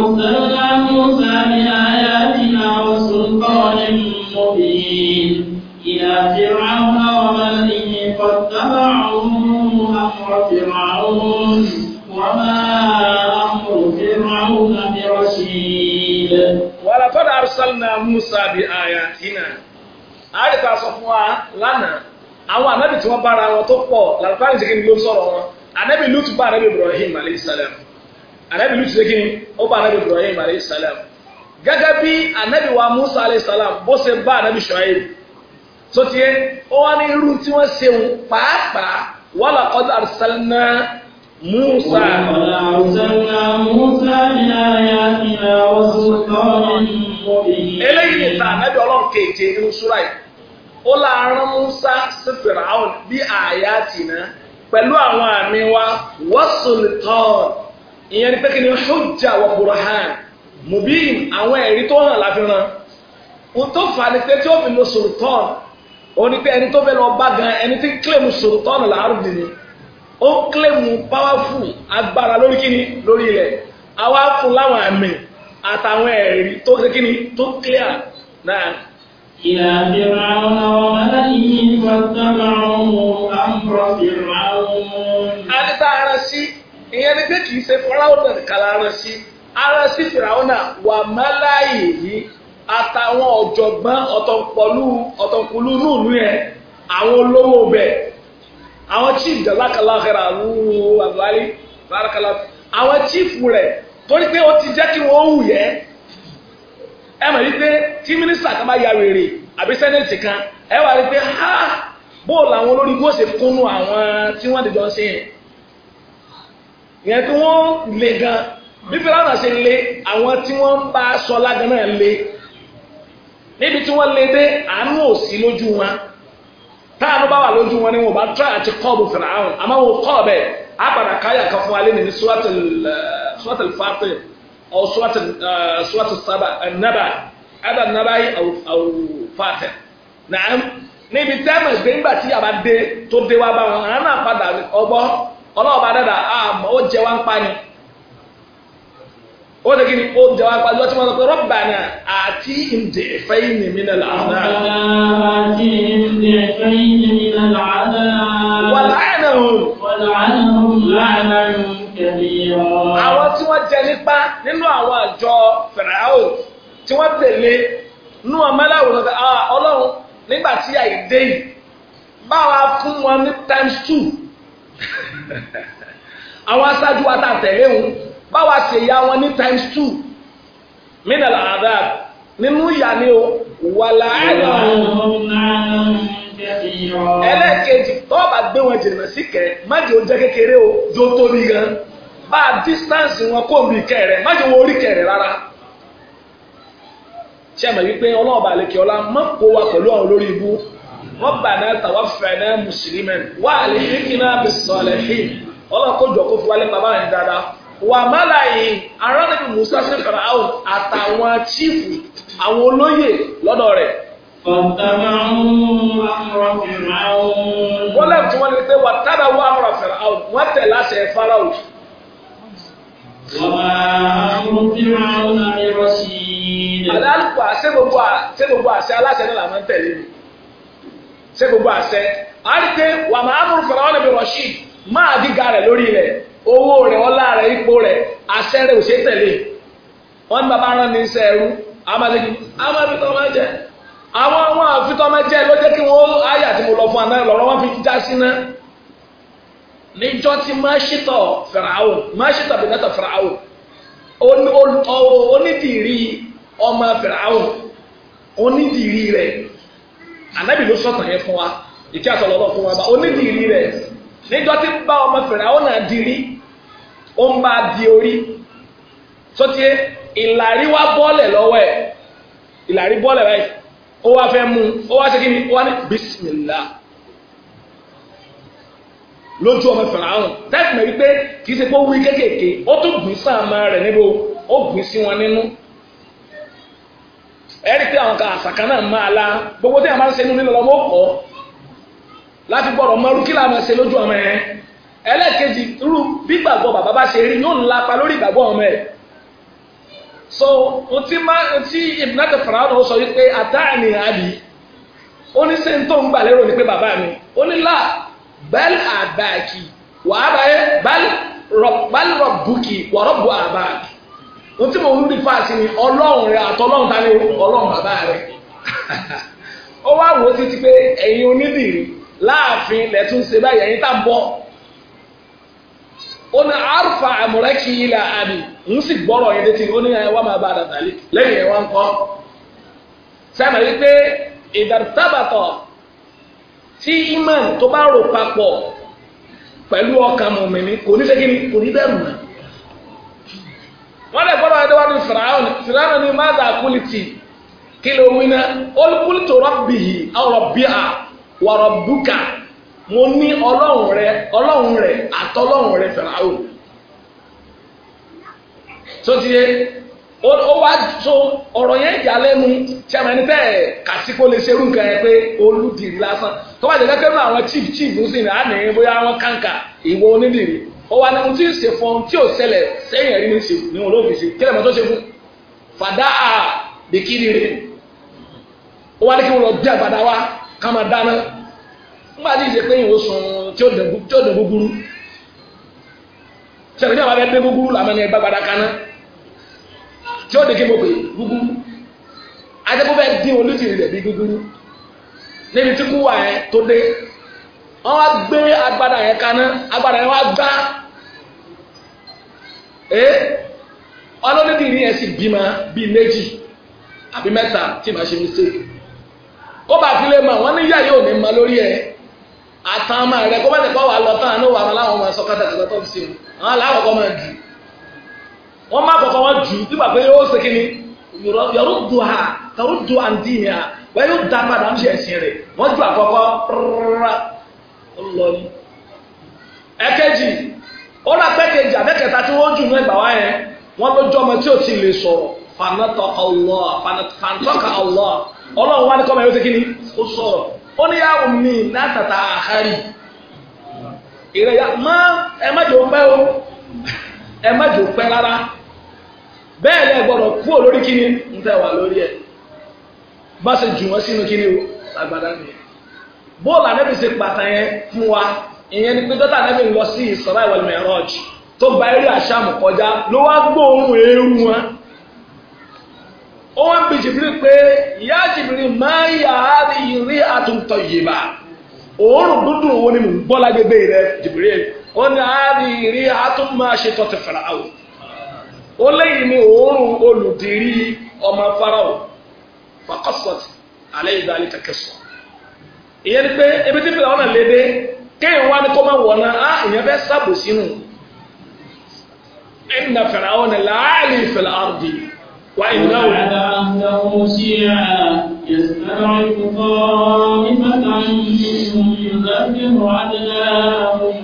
موسى بآياتنا وسلطان مبين إلى فرعون وملئه فاتبعوا أمر فرعون وما أمر فرعون برشيد ولقد أرسلنا موسى بآياتنا àríkà sọ fún wa lánàá àwọn ànábì tí wọ́n bára wọn tó pọ̀ làlùfáà ń jẹ́ kí n ló sọ̀rọ̀ wọn ànábì lùtù bá ànábì Ibrahim alayhi salam anabi lutu ṣe kíni ó bá anabi ibrahim alayhi salam gẹ́gẹ́ bí anabi wa musa alayhi salam bó ṣe bá anabi shuaib tó tiẹ̀ ó wá ní irú tí wọ́n ṣe wọn pàápàá wàlá qad arsalna musa. wàlá arsalna musa ilà ya ilà wasultanin mubin. eléyìí ni ta anabi ọlọ́run kéèké irú súra yìí ó láàárọ̀ musa sí bí àyà tì náà pẹ̀lú àwọn àmì wa wasultanin ìyẹn ni pé kí ni hujja wa burhan mubin àwọn ẹ̀rí tó hàn láfihàn ohun tó fà ní pé tí ó fi lo sultan ó ní pé ẹni tó fẹ́ lọ bá gan ẹni tí ń kílèmù sultan làárùdì ni ó ń kílèmù powerful agbára lórí kíni lórí ilẹ̀ àwa fún láwọn àmì àtàwọn ẹ̀rí tó ṣe kíni tó clear náà. إلى فرعون وملئه فاتبعوا أمر فرعون ìyẹn ni pé kì í ṣe faraona nìkan lára sí ara sí faraona wà máláyè yìí àtàwọn ọ̀jọ̀gbọ́n ọ̀tọ̀pọ̀lú ọ̀tọ̀pọ̀lú nùnú yẹn àwọn olówó bẹ̀ àwọn chief jalakala hẹrẹ àwọn àgbáyé barakala àwọn chief rẹ̀ torí pé ó ti jẹ́ kí wọ́n wù yẹ́ ẹ mọ̀ wípé tí mínísítà kan bá ya wèrè àbí sẹ́nẹ̀tì kan ẹ wà rí pé ha bóòlù àwọn olórí bó ṣe kúnnú àwọn tí wọ́n dìjọ ń yẹn ìyẹn tí wọ́n le gan bí fìlànà ṣe le àwọn tí wọ́n ń bá aṣọ lágan náà le níbi tí wọ́n le dé àánú ò sí lójú wọn táàánú bá wà lójú wọn ni wọn bá tọ́ àti kọ́ọ̀bù fìlànà àmọ́ wọn kọ́ bẹ́ẹ̀ á padà káyà kan fún wa lé nìyí suratul eh, Fatir aw eh, suratul Saba an-Naba ada an-Naba yìí níbi tẹ́ẹ̀mù gbẹ̀ngbà tí yàrá dé tó dé wá bá wọn àná padà ọgbọ́n ọlọ́ọ̀bá dada ah, àmọ́ ó jẹ wá ń pa ni ó lè gini ó jẹ wá ń pa lọ́tí wọn sọ pé Rabbana àti ìdè ìfẹ́ ìní mi nàlá àná. àti ìdè ìfẹ́ ìní mi nàlá àná. wà láàánà òun. wà láàánà òun láàánà òun kẹ̀lé àwọn tí wọ́n jẹ nípa nínú àwọn àjọ fẹ̀rẹ̀áwò tí wọ́n tẹ̀lé nú ọmọláwò lọ́dọ̀ ah, ọlọ́run nígbà tí àìdè yìí báwa fún wọn ní times two. àwọn aṣáájú wa tá tẹ̀lé wọn báwa ṣe ya wọn ní times two minal adab nínú ìyá ni o wàlá ẹ̀dá ẹlẹ́ẹ̀kejì tọ́ọ̀bà gbé wọn jìnnà sí kẹ májè ó jẹ́ kékeré o jó tóbi gan bá a distance wọn kó omi kẹrẹ májè wo orí kẹ̀ rárá ṣé ẹ mọ̀ wípé ọlọ́ọ̀bà àlekè ọlá wa pẹ̀lú àwọn ربنا توفنا مسلما والحقنا بالصالحين ọlọ́run kó jọ kó fi wálé bàbá rẹ̀ dáadáa wà málàyé arábìnrin musa sí faraon àtàwọn chiefu àwọn olóyè lọ́dọ̀ rẹ̀. wọ́n lẹ́yìn tí wọ́n lè pé wà tábà wọ́n amúra faraon wọ́n tẹ̀ láṣẹ faraon. wàá amúra faraon àmì rọ́ṣì. àlẹ́ àlùkò àṣẹ gbogbo àṣẹ aláṣẹ náà làwọn tẹ̀lé mi ṣé gbogbo àṣẹ a rí pé wà máa mú fẹ̀rẹ̀ wọn níbi rọ̀ṣì máa gíga rẹ̀ lórí rẹ̀ owó rẹ̀ ọlá rẹ̀ ipò rẹ̀ àṣẹ rẹ̀ ò ṣe tẹ̀lé wọn ní bàbá rán ní iṣẹ́ ẹrú amadede amadede máa jẹ àwọn àwọn àfitọ́ máa jẹ ló jẹ́ kí wọ́n áyà tí mo lọ fún àná lọ́rọ́ wọn fi já sí náà níjọ́ tí máṣítọ̀ fẹ̀ràwò máṣítọ̀ bìnátọ̀ fẹ̀ràwò onídìrí ọmọ fẹ̀ràwò onídìrí rẹ̀ ànábì ló sọ̀tàn yẹn fún wa ìkí àtọ̀lọ́ lọ fún wa bá onídìrí rẹ̀ níjọ́ tí bá ọmọ fèrè àwọn náà dirí ó ń bá di orí tó ti ìlàrí wá bọ́ọ̀lẹ̀ lọ́wọ́ ẹ̀ ìlàrí bọ́ọ̀lẹ̀ báyìí ó wá fẹ́ mú ó wá ṣe kí ni ó wá ní bísímìlá lójú ọmọ fèrè àwọn tẹ́sí mẹ́rin pé kì í ṣe pé ó wí kéékèèké ó tún gbìn sáà máa rẹ̀ níbo ó gbìn sí wọn nínú ẹ̀rí pé àwọn kan àṣàkà náà máa la gbogbo tí a máa ń ṣe nínú nílò lọ́mọ ọ̀pọ̀ láti gbọ́dọ̀ mọ́rú kí làá máa ṣe lójú ọmọ ẹ̀ ẹlẹ́ẹ̀kejì irú bí bàbá bá ṣe rí yóò ń lapa lórí ìgbàgbọ́ ọmọ ẹ̀ so ntí ìbùnátà fàràánù sọ wípé àtàní àbí ó ní sẹ́ni tó ń gbà lérò ní pé bàbá mi ó ní là bẹ́ẹ̀l àbáàkì wàá báyé bẹ́ẹ̀l rọ̀bùkì wàá rọ̀bù àbáàkì ohun tí mo rí fáàsì ni ọlọ́run rẹ àtọlọ́run ta ni ọlọ́run bàbá rẹ ó wá wò ó títí pé ẹ̀yin onídìrí láàfin lẹ́tún ṣe báyìí ẹ̀yin tá bọ́ ó ní arfa àmúrẹ́kì ilà àbí ń sì gbọ́rọ̀ yẹn létí ó ní ẹ̀ wá máa bá àdàtà lé lẹ́yìn ẹ̀ wá ń kọ́ sábà wípé ìdàrútàbàtọ̀ tí imam tó bá rò papọ̀ pẹ̀lú ọkàn mọ̀mìnì kò ní ṣe ni kò ní bẹ̀rù náà wọ́n lè gbọ́dọ̀ ẹ̀dẹ́wájú fìràhùn fìràhùn ní máza kúlìtì kí ló wí ná olùkúlìtì rọ́bìhì ọ̀rọ̀bíà wọ̀rọ̀bùkà mo ní ọlọ́run rẹ ọlọ́run rẹ àtọ́lọ́run rẹ fìràhùn. tó ti yé ó wá tó ọ̀rọ̀ yẹn jà lẹ́nu sẹ́mẹ̀ni tẹ́ ẹ̀ kàsíkò lè ṣerú nǹkan yẹn pé olùdìrí lásán tó bá jẹ́ kẹ́kẹ́ nínú àwọn chief chief ń sìn ní àná ó wá ní tí ń ṣe fún tí ò ṣẹlẹ̀ sẹ́yìn ẹ̀rí ní ṣe ní wọn ló fi ṣe kílẹ̀ mọ́ tó ṣe fún fàdá à lè ni rè ó wá ní kí wọn lọ bí àgbàdá wa ká máa dáná nígbà tí ìṣe pé ìwò sùn tí ó dùn gbúgbúrú ṣẹlẹ̀ ní àwọn abẹ́ dé gbúgbúrú làwọn ẹni ẹgbẹ́ àgbàdá kaná tí ó dé kí mo pè gbúgbúrú adébó wọ́n wá gbé agbada yẹn kaná agbada yẹn wá gbá ee ọlọ́dẹ́dìrín yẹn sì bímọ méjì àbí mẹ́ta tí màá ṣe mistake kó bá fi lè mọ ní yàrá lórí àtàn rẹ̀ kó bá wà lọ tán wà wọn láwọn ọmọ tó ń sìn kọ́ máa jù wọ́n má kọ́kọ́ jù pé yóò ṣe kí ni yọrù dùn ha tọrù dùn àǹdí yẹn wọ́n yóò dá padà ń ṣe ẹ̀sìn rẹ̀ wọ́n àkọ́kọ́ ńlọrin ẹ̀kejì ó lọ pẹ́kejì àbẹ́kẹta tí wọ́n jù ní ẹgbà wá yẹn ló jọmọ tí ti lè sọ̀rọ̀ fanatọ Allah fanatọka Allah ọlọ́run wá a kọ́mọ yóò ti kí ni ó sọ̀rọ̀ ó ní yà wù mí àhárí ìrẹ̀yà má ẹ má jò pẹ́ o ẹ má jò pẹ́ rárá bẹ́ẹ̀ lẹ́ gbọ́dọ̀ kú olórí kí ni ń tẹ̀ wà lórí ẹ̀ bá ṣe jù wọ́n sínú kí ni o bóòlù ànábì ṣe pàtà yẹn fún wa ìyẹn ni pé dọ́tà ànábì ń lọ sí Isra wal Mi'raj tó gba eré àṣàmù kọjá ló wá gbóhùn eérú wọn ó wá ń bi jìbìrì pé ìyá jìbìrì máa ń yà á rí rí àtúntọ̀ yìí bá òórùn dúdú wo ni mò ń gbọ́ lágbègbè rẹ jìbìrì ó ní á rí rí àtúntọ̀ ṣe tọ́ fara áwò ó léyìn ní òórùn olùdírí ọmọ farao fakọsọt alẹ́ ìdálẹ́ kẹkẹ sọ ìyẹn ni pé ebi tí fìlà lé dé kéèyàn wá ní kó má wọ̀ náà á ìyẹn fẹ́ sábò sínú inna fìlà ọ̀nà láàlì fìlà ọ̀dì wà ìlú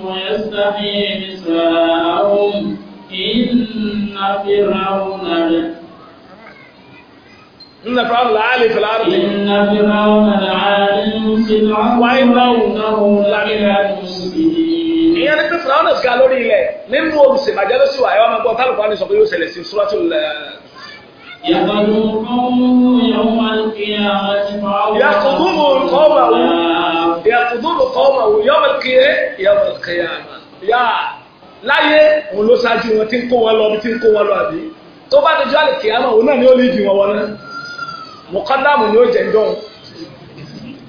ويستحيي نساءهم إن فرعون إن فرعون العالي في الأرض إن فرعون العالي في الأرض وإنه لمن المسلمين ìyẹn ni pé fúnra ga lórí ilẹ̀ nínú olùṣèbàjẹ́ ló sì wà ẹ̀wọ́n gbọ́ tálùkù á ní sọ pé yóò ṣẹlẹ̀ sí súrọ́tù lẹ̀. yàtọ̀dún kọ́ọ̀mù yọ̀mọ̀lùkìyẹ yọ̀mọ̀lùkìyẹ yá láyé òun ló ṣáájú wọn tí ń kó wọn lọ bí tí ń kó wọn lọ àbí tó bá dojú àlè kìyàmọ̀ òun náà ni ó lè dì wọn wọn náà mukadamu ni ó jẹ dán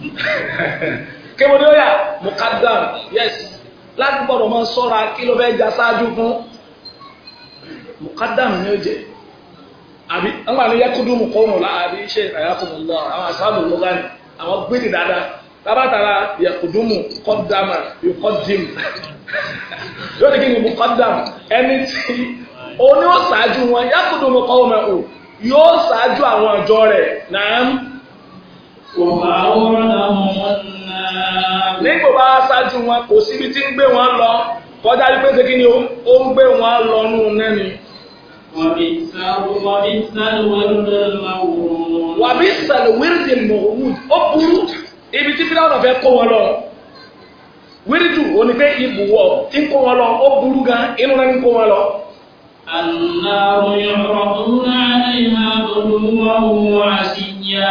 kébọdé ó yà mukadamu yẹs láti gbọ́dọ̀ máa ṣọ́ra kí ló fẹ́ sáájú fún mukadamu ni ó jẹ àbí àwọn àlọ yakudu mukọmọ la àbí iṣẹ àyàkùnmọ lọ àwọn àṣàbò lọgá ni àwọn gbèdè dáadáa tábàtàrà yakudu mukọdàmà yukọdìmù yóò di kí ni mukọdàmù ẹni tí oníwọ̀sáájú wọn yakudu mukọmọ o. yóò ṣáájú àwọn àjọ rẹ̀ náà. Òbá wọn náà wọn náà. Nígbò bá ṣáájú wọn kò síbi tí ń gbé wọn lọ kọjá wípé ṣe kí ni ó ń gbé wọn lọ nù nẹ́ni. Wàbí sàlùwírìdì mọ̀wúd ó burú ibi tí Fíláwọ̀n fẹ́ kó wọn lọ. Wírídù ò ní pé ibùwọ̀ tí ń kó wọn lọ ó burú gan inú náà ń kó wọn lọ. النار يعرضون عليها غدوا وعشيا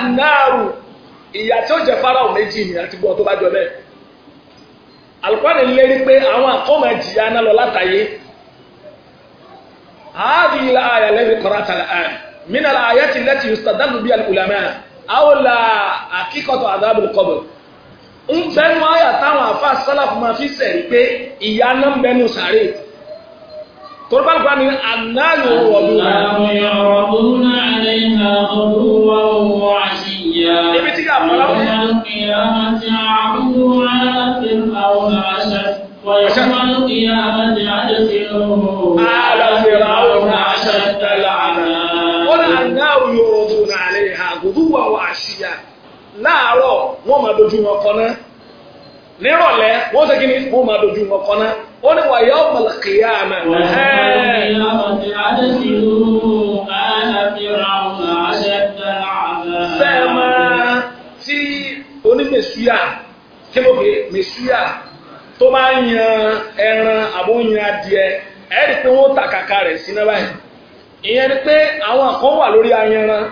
النار ìyà tí ó jẹ fáráò méjì ni àti gbọ́ tó bá jọ bẹ́ẹ̀ alùpàdé lérí pé àwọn àkọ́mọ̀ jìyà náà lọ látàyé هذه الآية التي قرأتها الآن من الآيات التي يستدل بها العلماء أولى حقيقة عذاب القبر ń bẹnu àyà táwọn àfa sálàfù máa fi sẹ̀rí pé ìyà torí bá lùkọ́ ni anáyò rọ̀dún. anáyò rọ̀dún náà lè na ọdún wa wọ àṣìyà. ibi tí kà fọlá wọn. ọ̀yà kìlá ti àkúrú aláàfẹ́ àwọn àṣà. láàárọ̀ wọ́n máa dojú wọn kọ náà nírọ̀lẹ́ wọ́n ṣe kí ni wọ́n máa dojú wọn kọ́ná ó ní wàyà ọ̀pọ̀lọ̀ kìíyà àmà. sẹ́ẹ̀mà tí onímẹ̀súyà kí ló fi mẹ̀súyà tó máa ń yan ẹran àbóyan adìẹ ẹ̀rí pé wọ́n tàkàkà rẹ̀ sí náà báyìí ìyẹn ni pé àwọn kan wà lórí ayanran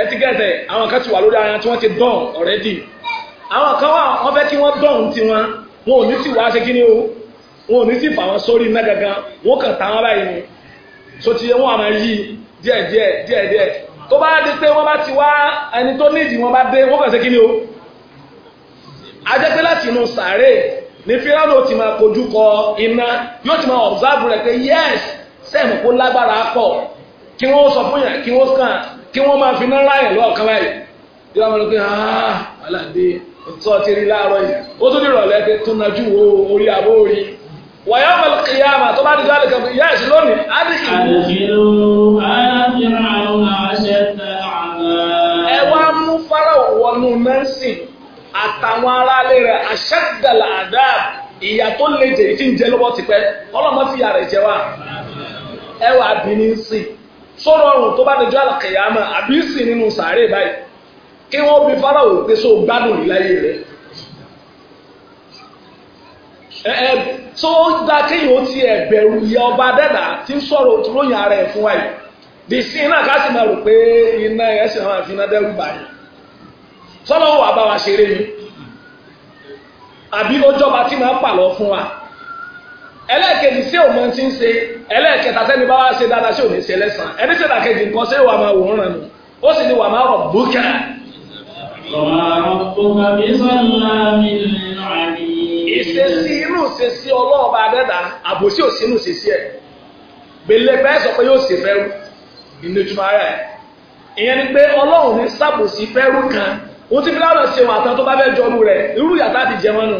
ẹ ti gẹ̀ẹ́sẹ̀ àwọn kan ti wà lórí ayanran tí wọ́n ti dán ọ̀rẹ́dì àwọn kan wà wọ́n fẹ́ kí wọ́n dọ̀hún ti wọn wọn ò ní sì wá ṣe kí ni o wọn ò ní sì fà wọn sórí iná gangan wọn kàn tàn báyìí ni so ti wọn àmọ́ yí díẹ̀ díẹ̀ díẹ̀ díẹ̀ tó bá dé pé wọ́n bá ti wá ẹni tó nídìí wọ́n bá dé wọ́n kàn ṣe kí ni o ajẹ́pẹ́ láti inú sàárè ní fíráàlù ó ti máa kojú kọ iná yóò ti máa ọ̀bùsáàbù rẹ̀ pé yẹ́s sẹ́ẹ̀mù kó lágbára pọ̀ kí wọ́n sọ fún yàn kí wọ́n kàn kí wọ́n máa fi náírà yàn lọ́ọ̀kan báyìí yóò máa lọ pé ah aláàdé tó ti rí láàárọ̀ yìí ó tó nírọ̀lẹ́ ti tó náà ju orí abó orí wàyà tó bá di sáré kan yá ẹ̀sìn lónìí á ní àdìsílù àwọn àṣẹ tẹ àná. ẹ wá mú wọnú mẹ́sìn àtàwọn aráalé fi ẹ wà tó bá di àbí kí wọ́n bí Fáráò pé so gbádùn láyé rẹ̀ ẹ tó dá kéèyàn ó ti ẹ̀bẹ̀rù ìyá ọba dẹ́dà tí ń sọ̀rọ̀ tó ara ẹ̀ fún wa yìí bí sí iná ká rò pé iná ẹ̀ àwọn máa iná dẹ́rù sọ́nà àbí tí máa ń fún wa ẹlẹ́ẹ̀kejì sí ń ṣe ẹlẹ́ẹ̀kẹta sẹ́ni bá wá ṣe dáadáa sí ṣe lẹ́sàn-án ẹni nǹkan sí máa ìṣesí inú ìṣesí ọlọ́ọ̀bá adẹ́dà àbòsí òsì inú ìṣesí ẹ̀ gbèlè fẹ́ sọ pé yóò ṣe fẹ́rú inú ìtumọ̀ ara ẹ̀ ìyẹn ni pé ọlọ́run ní sábòsí fẹ́rú kan ó ti fi láwọn ṣe wọn àtàn tó bá fẹ́ jọrú rẹ̀ irú yàtá ti jẹ mọ́nu.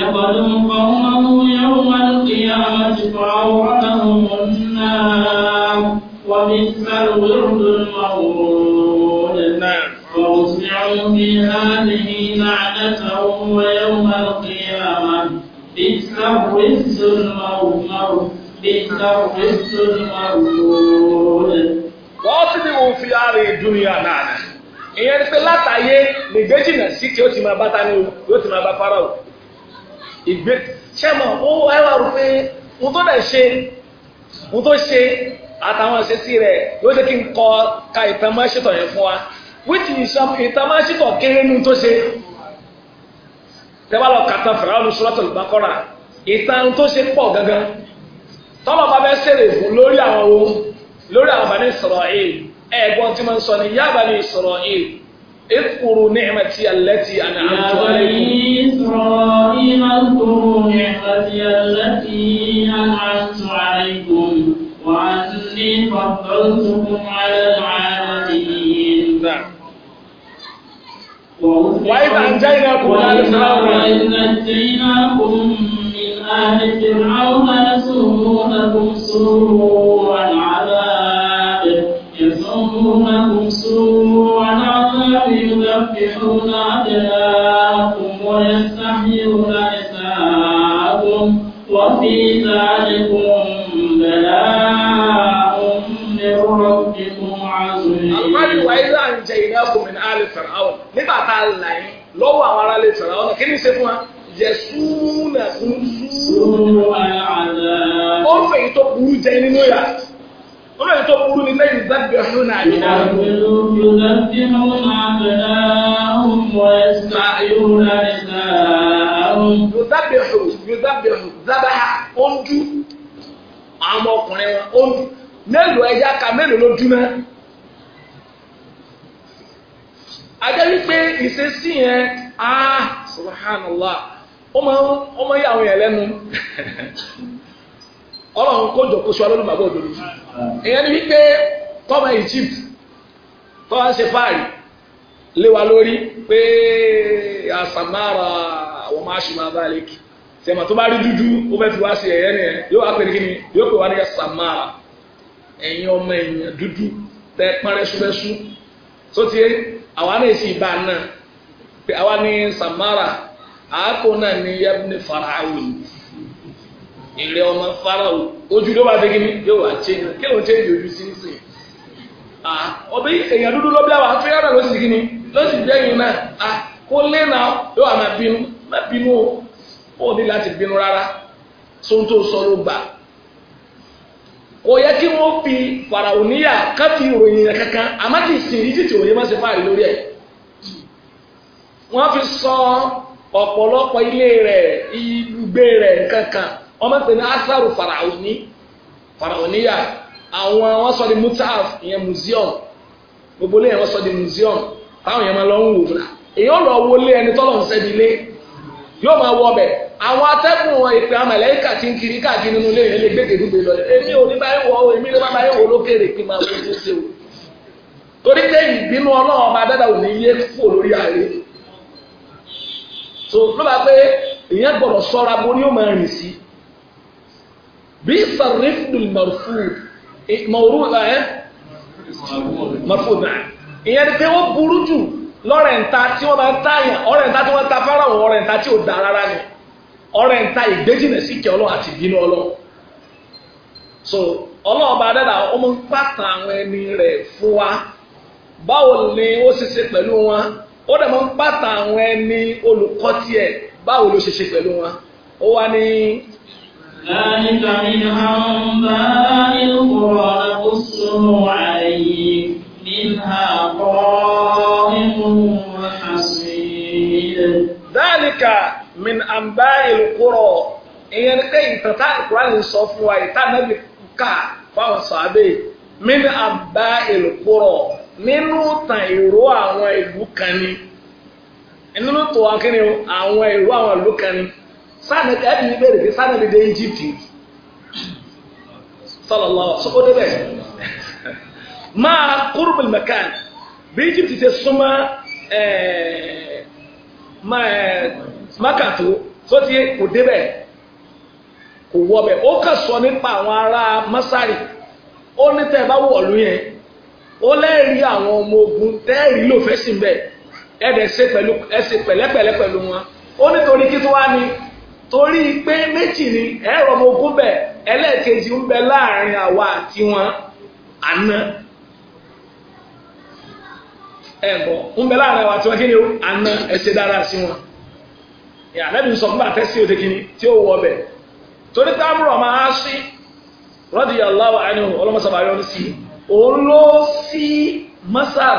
يقدم قومه يوم القيامة فأورثهم وأتبعوا في هذه لعنة ويوم القيامة بئس الرزق المرمر بئس الرزق المرمود. wọ́n sì ní òun fi ara ìdúnyà náà nà ìyẹn ni pé látàyé nìgbẹ́jìnà sí tí ó ti máa bá tani o yóò ti máa bá Fáráò ìgbé sẹ́mọ̀ ó ẹwà rò pé mo tó dẹ̀ ṣe mo tó ṣe àtàwọn àṣesí rẹ̀ yóò jẹ́ kí n kọ ka ìtàn mọ́ ṣètò yẹn fún wa which is some intermarshipọ̀ kéré nu tó ṣe tẹ́wọ́ lọ kàtà fìràwọ́n suratul Baqara ìtàn tó ṣe pọ̀ gangan tọ́lọ̀ bá fẹ́ ṣèrè fún lórí àwọn ohun lórí àwọn Bani Isra'il ẹ̀gbọ́n tí mo ń sọ ní yá Bani Isra'il ìkùrù ní ìmọ̀tí allati an'amtu alaykum. Wa anni faddaltukum ala al-'alamin. وإذ أنجيناكم من آل فرعون وإذ من آل فرعون يسومونكم سوء العذاب يسومونكم سوء العذاب يذبحون أبناءكم ويستحيون نساءكم وفي ذلكم بلاء من ربكم عزيز ọlọ́run wà ilé àǹjẹ iná kùmìn àlè fẹ̀rẹ̀hàn nígbà tá a là yín lọ́wọ́ àwọn ará lè fẹ̀rẹ̀hàn kí ni ṣe fún wa yẹsùnà kùsùn. ó fẹ́ yìí tó burú jẹ nínú yà ó fẹ́ yìí tó burú ní lẹ́yìn zábì ọ̀hún náà yìí náà. yòzábì ọ̀hún yòzábì ọ̀hún zábàá ó ń dú àwọn ọmọkùnrin wọn ó ń dú mélòó ẹja ka mélòó ló dú náà. ajẹ́ wípé ìṣesí yẹn ah subhanallah ó máa yà àwọn yẹn lẹ́nu ọlọ́run kójọ kó sọ alólùmọ̀ àbọ̀ òdòdó ìyẹn ni wípé tọ́mọ Egypt tọ́wọ́ ń ṣe fáàrí lé wa lórí pé àsàmára àwọn máa ṣe máa bá lẹ́kì sẹ̀mà tó bá rí dúdú ó fẹ́ fi wá sí ẹ̀yẹ́ nìyẹn yóò wá pè ní yóò pè wá ní àsàmára ẹ̀yin ọmọ ẹ̀yìn dúdú tẹ pẹ́rẹ́súrẹ́sú tó ti àwa náà sì bá náà pé àwa ní samara àákò náà ní yabni farao èrè ọmọ farao ojú ló bá dé kíní yóò wá ṣe kí ló ń ṣe ìjòjú sí ń sìn ọbẹ̀ èèyàn dúdú ló bí àwọn afẹ́rẹ́ náà ló sì kíní ló sì gbẹ́yìn náà kó lé náà yóò wá máa bínú máa bínú ó ní láti bínú rárá sóńtó sọ ló gbà. kò yẹ kí fi fàràwọ̀ níyà ká fi ìròyìn rẹ̀ kankan àmọ́ kì í sì rí títí òye má ṣe fáàrí lórí fi sọ ọpọlọpọ ilé ibùgbé kankan ọmọ ní asaru fàràwọ̀ ní fàràwọ̀ níyà àwọn sọ di mutaf ìyẹn museum gbogbo ilé yẹn wọ́n sọ di museum táwọn yẹn máa lọ ń wò fúnra èyí ó lọ wọlé ẹni tọ́lọ̀ ń ilé yóò máa àwọn atẹ́kùn wọn ìpè amẹ̀lẹ́kà tí ń kiri káàkiri nínú ilé yẹn lè gbé gbèdúgbè lọ èmi ò ní bá yẹn wọ o èmi ló bá yẹn wọ lókèrè kí n máa wọ ojú ṣe o torí pé ìbínú ọlọ́run ọba dáadáa ò ní yé fò lórí ààrẹ so ló bá pé èèyàn gbọ́dọ̀ sọ́ra bó ni ó máa rìn sí bí sàrífùdùn mọ̀rú ẹ̀ mọ̀rú náà ìyẹn ni pé ó burú jù lọ́rẹ̀ǹta tí wọ́n bá ń tààyàn ọ̀rẹ̀ǹta tí wọ́n ta fáráwọ̀ ọ̀rẹ̀ǹta tí ò dáa rárá ni. ọrẹ nta ta ìgbéjìnà sí kí ọlọ́run àti ìbínú so ọlọ́run bá dẹ́dà ọmọ mú pàtàkì àwọn ẹni rẹ̀ fún wa báwo ni ó ṣe ṣe pẹ̀lú wọn ó dẹ̀ mú pàtàkì àwọn ẹni olùkọ́ tiẹ̀ báwo ló ṣe ṣe pẹ̀lú wọn ó wá ní. min àmbá ìlú kúrọ̀ ìyẹn ní pé ìtàtà ìkúránì sọ fún wa ìtà nàbì ká fáwọn sàbẹ̀ min àmbá ìlú kúrọ̀ nínú tàn ìró àwọn ìlú kan ni nínú tó wá kíni àwọn ìró àwọn ìlú kan ni sànàbì ẹbí yìí bẹ̀rẹ̀ pé sànàbì dé Egypt sọlọ́lọ́ sọ́kọ́ débẹ̀ máa kúrúbìlì mẹ́kàn bí Egypt ti ṣe súnmọ́ ẹ̀ẹ́ eh, máa smákà tó tó ti kò débẹ̀ kò wọbẹ̀ ó kàn sọ nípa àwọn ará masari ó ní tẹ́ ẹ bá wọ̀lú yẹn ó lẹ́rìí àwọn ọmọ ogun tẹ́ẹ̀rí ló fẹ́ sìn bẹ́ẹ̀ ẹ̀dẹ̀ ṣe pẹ̀lú ẹ̀ṣẹ̀ pẹ̀lẹ́pẹ̀lẹ́ pẹ̀lú wọn ó nítorí kí tó wá ní torí pé méjì ni ẹ̀rọ ọmọ ogun bẹ̀ ẹlẹ́ẹ̀kejì ń bẹ láàrin àwa àti wọn àná ẹ̀bọ̀ ń bẹ láàrin àwa àti wọn kí ni àná ẹ̀ṣẹ̀ dára sí wọn ànábì sọ fún bàtẹ́ sí òde kìíní tí ó wọ bẹ̀ torí pé amúrò máa ṣí radiyallahu anhu ọlọ́mọsàbà yọ sí òun ló sí masar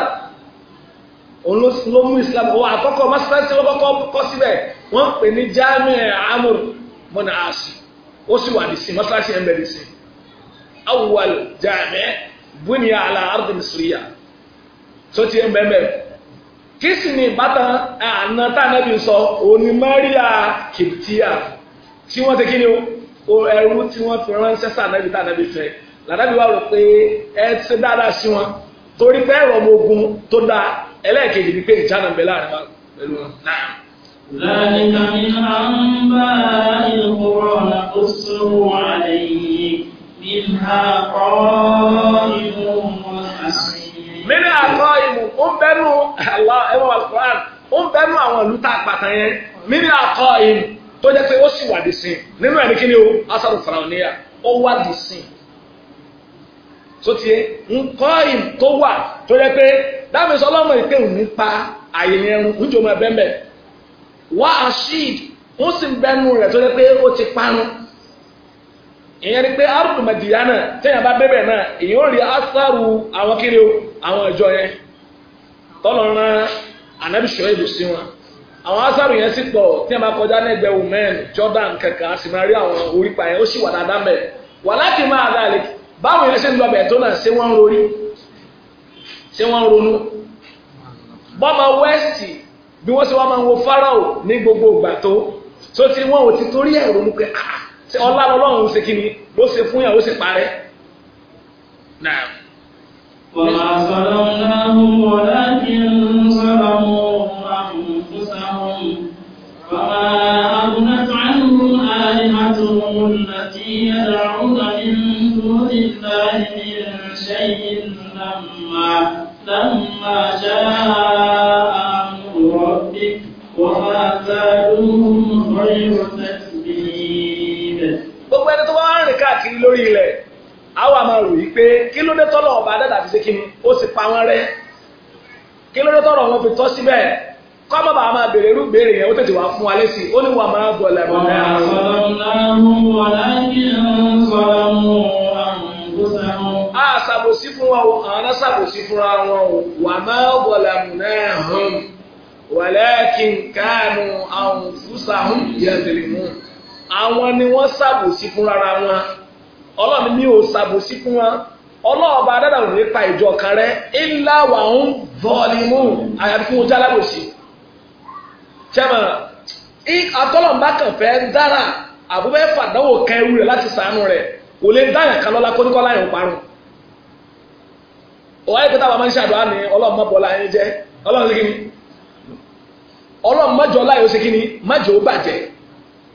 òun ló mú islam òun àkọ́kọ́ masarasi ló kọ́kọ́ kọ́ síbẹ̀ wọ́n pè ní jami amúr mọ́nà àṣì ó sì wà ní sí masarasi ẹ̀ ń bẹ̀ ní sí awwal jami bunya ala ardi kí sì ní ìbátan àna tánàbí sọ òní Maria kìptíà tí wọ́n ti kí ni o ẹrú tí wọ́n fi ránṣẹ́ sànàbí tánàbí fẹ́ lànàbí wà rò pé ẹ ṣe dáadáa sí wọn torí pé ẹ̀rọ ọmọ ogun tó dáa ẹlẹ́ẹ̀kejì ni pé ìjánà bẹ láàrin wa pẹ̀lú wọn náà. ذلك من أنباء القرى نقصه عليك منها قائم وحسين mẹ́rin ó ń bẹ́nu ó ń bẹ́nu àwọn ìlú tá a pàtà yẹn mẹ́rin tó jẹ́ pé ó sì wà nínú kí o asàrò faraoníyà ó wà sotie nkọ́ tó wà tó jẹ́ pé sọ nípa àyè yẹn wá ó sì ń bẹ́nu rẹ̀ tó jẹ́ pé ó ti parun ìyẹn ni pé arúgbó náà àwọn ìjọ yẹn tọ́lọ̀ rán ànábì ṣọ́yìnbó sí wọn àwọn asáru yẹn sì pọ̀ tí wọ́n bá kọjá lẹ́gbẹ̀ẹ́ women Jordan kankan a sì máa rí àwọn orípa yẹn ó sì wà dáadáa mẹ́ wà láti máa dá àlè báwọn yẹn ṣe ń lọ bẹ̀ tó náà ṣé wọ́n ń rorí ṣé wọ́n ń ronú bọ́mọ west bí wọ́n ṣe wá máa ń wo Fáráò ní gbogbo ìgbà tó tó ti wọ́n ò ti torí ẹ̀rọ ní pé ah, ọlá lọ́lọ́run ṣe kí ni ló ṣe fún yàn ó sì parẹ́ náà. وما ظلمناهم ولكن ظلموا أنفسهم فما أغنت عنهم آلهتهم التي يدعون من دون الله من شيء لما لما جاء أمر ربك وما زادوهم غير تتبيب. gbogbo ẹni tó bá ń rìn káàkiri lórí ilẹ̀ àwọn àmọ́ rò yí pé kí ló dé tọ́lọ̀ ọba dàdà fi ṣe kí ni ó sì pa wọ́n rẹ́ kí ló dé tọ́lọ̀ wọn fi tọ́ síbẹ̀ kọ́mọ̀ bá máa bèrè irú béèrè yẹn ó tètè wá fún wa lẹ́sìn ó ní wà máa bọ̀ lẹ́mọ̀ náà. a ṣàbòsí fún wa o àwọn náà ṣàbòsí fúnra wọn o wà máa bọ̀ lẹ́mọ̀ náà hàn wàlẹ́kìn káànù àwọn fúsàhùn yẹn tẹ̀lé mú àwọn ni wọ́n ṣàbòsí fúnra wọn ọlọ́run mi ò ṣàbòsí fún wọn ọlọ́ọ̀ba dáadáa ò pa ìjọ kan rẹ ńlá wà ń vọ́ọ̀lìmù àyàfi fún ojú alábòsí. sẹ́mọ̀ atọ́lọ́mbà kan fẹ́ dára àbúbẹ́ fàdánwò kan ewu rẹ̀ láti sàánú rẹ̀ kò lè dáyà kan lọ́la kóníkọ́ láyìn parun. ọ̀wá yìí pété àwọn máa ń ṣàdúrà ní ọlọ́run mọ́ bọ́lá jẹ́ ọlọ́run ṣe kí ni ọlọ́run mọ́jọ́ láyò ṣe kí ni mọ́jọ́ ó bàjẹ́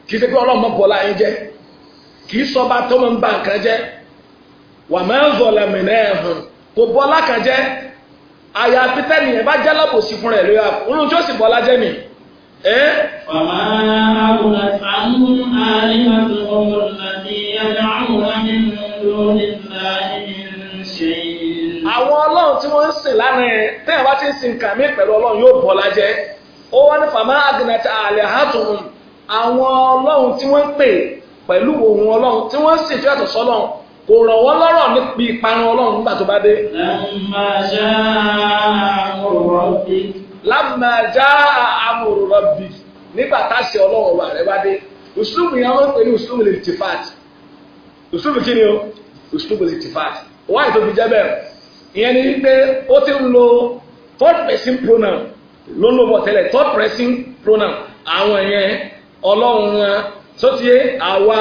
kì í ṣe pé ọlọ́run mọ́ bọ́lá jẹ́ kì í sọba tó máa ń ba nǹkan jẹ́ wà máa ń zọlẹ̀ mìíràn ẹ̀hún kò bọ́lá kan jẹ́ àyà pítẹ́ nìyẹn bá jẹ́ lọ́pọ̀sí fún rẹ̀ lóyà òun tí ó sì bọ́lá jẹ́ nì. Fàmà àwùrà àrùn àríwá tó ọmọ ìlànà ìyára àwọn nínú lórí láàyè ṣe. Àwọn ọlọ́run tí wọ́n ń sìn lánàá ẹ̀ tẹ́yà bá ti ń sin kàmí pẹ̀lú ọlọ́run yóò bọ́lá jẹ́. Ó wá ní fàmà àgùnàtà àlẹ́ àtùn àwọn ọlọ́run tí wọ́n ń pè pẹ̀lú ohun ọlọ́run tí wọ́n sì fẹ́ àtọ̀sọ́ ọlọ́run kò rọ̀ wọ́n lọ́rọ̀ nípa ìparun ọlọ́run nígbà tó bá dé. lámà já amòrò rọ̀bì nígbà táṣì ọlọ́run wà rẹ̀ bá dé uslubu yẹn wọ́n pè ní uslubu lè ti fat uslubu kí ni o uslubu lè ti fat wọ́n àìtó jẹ́ bẹ́ẹ̀ ìyẹn ni pé ó ti ń lo third person pronoun ló ń lò bọ̀ tẹ́lẹ̀ third person pronoun àwọn yẹn ọlọ́run wọn sọ́tìyé Awa,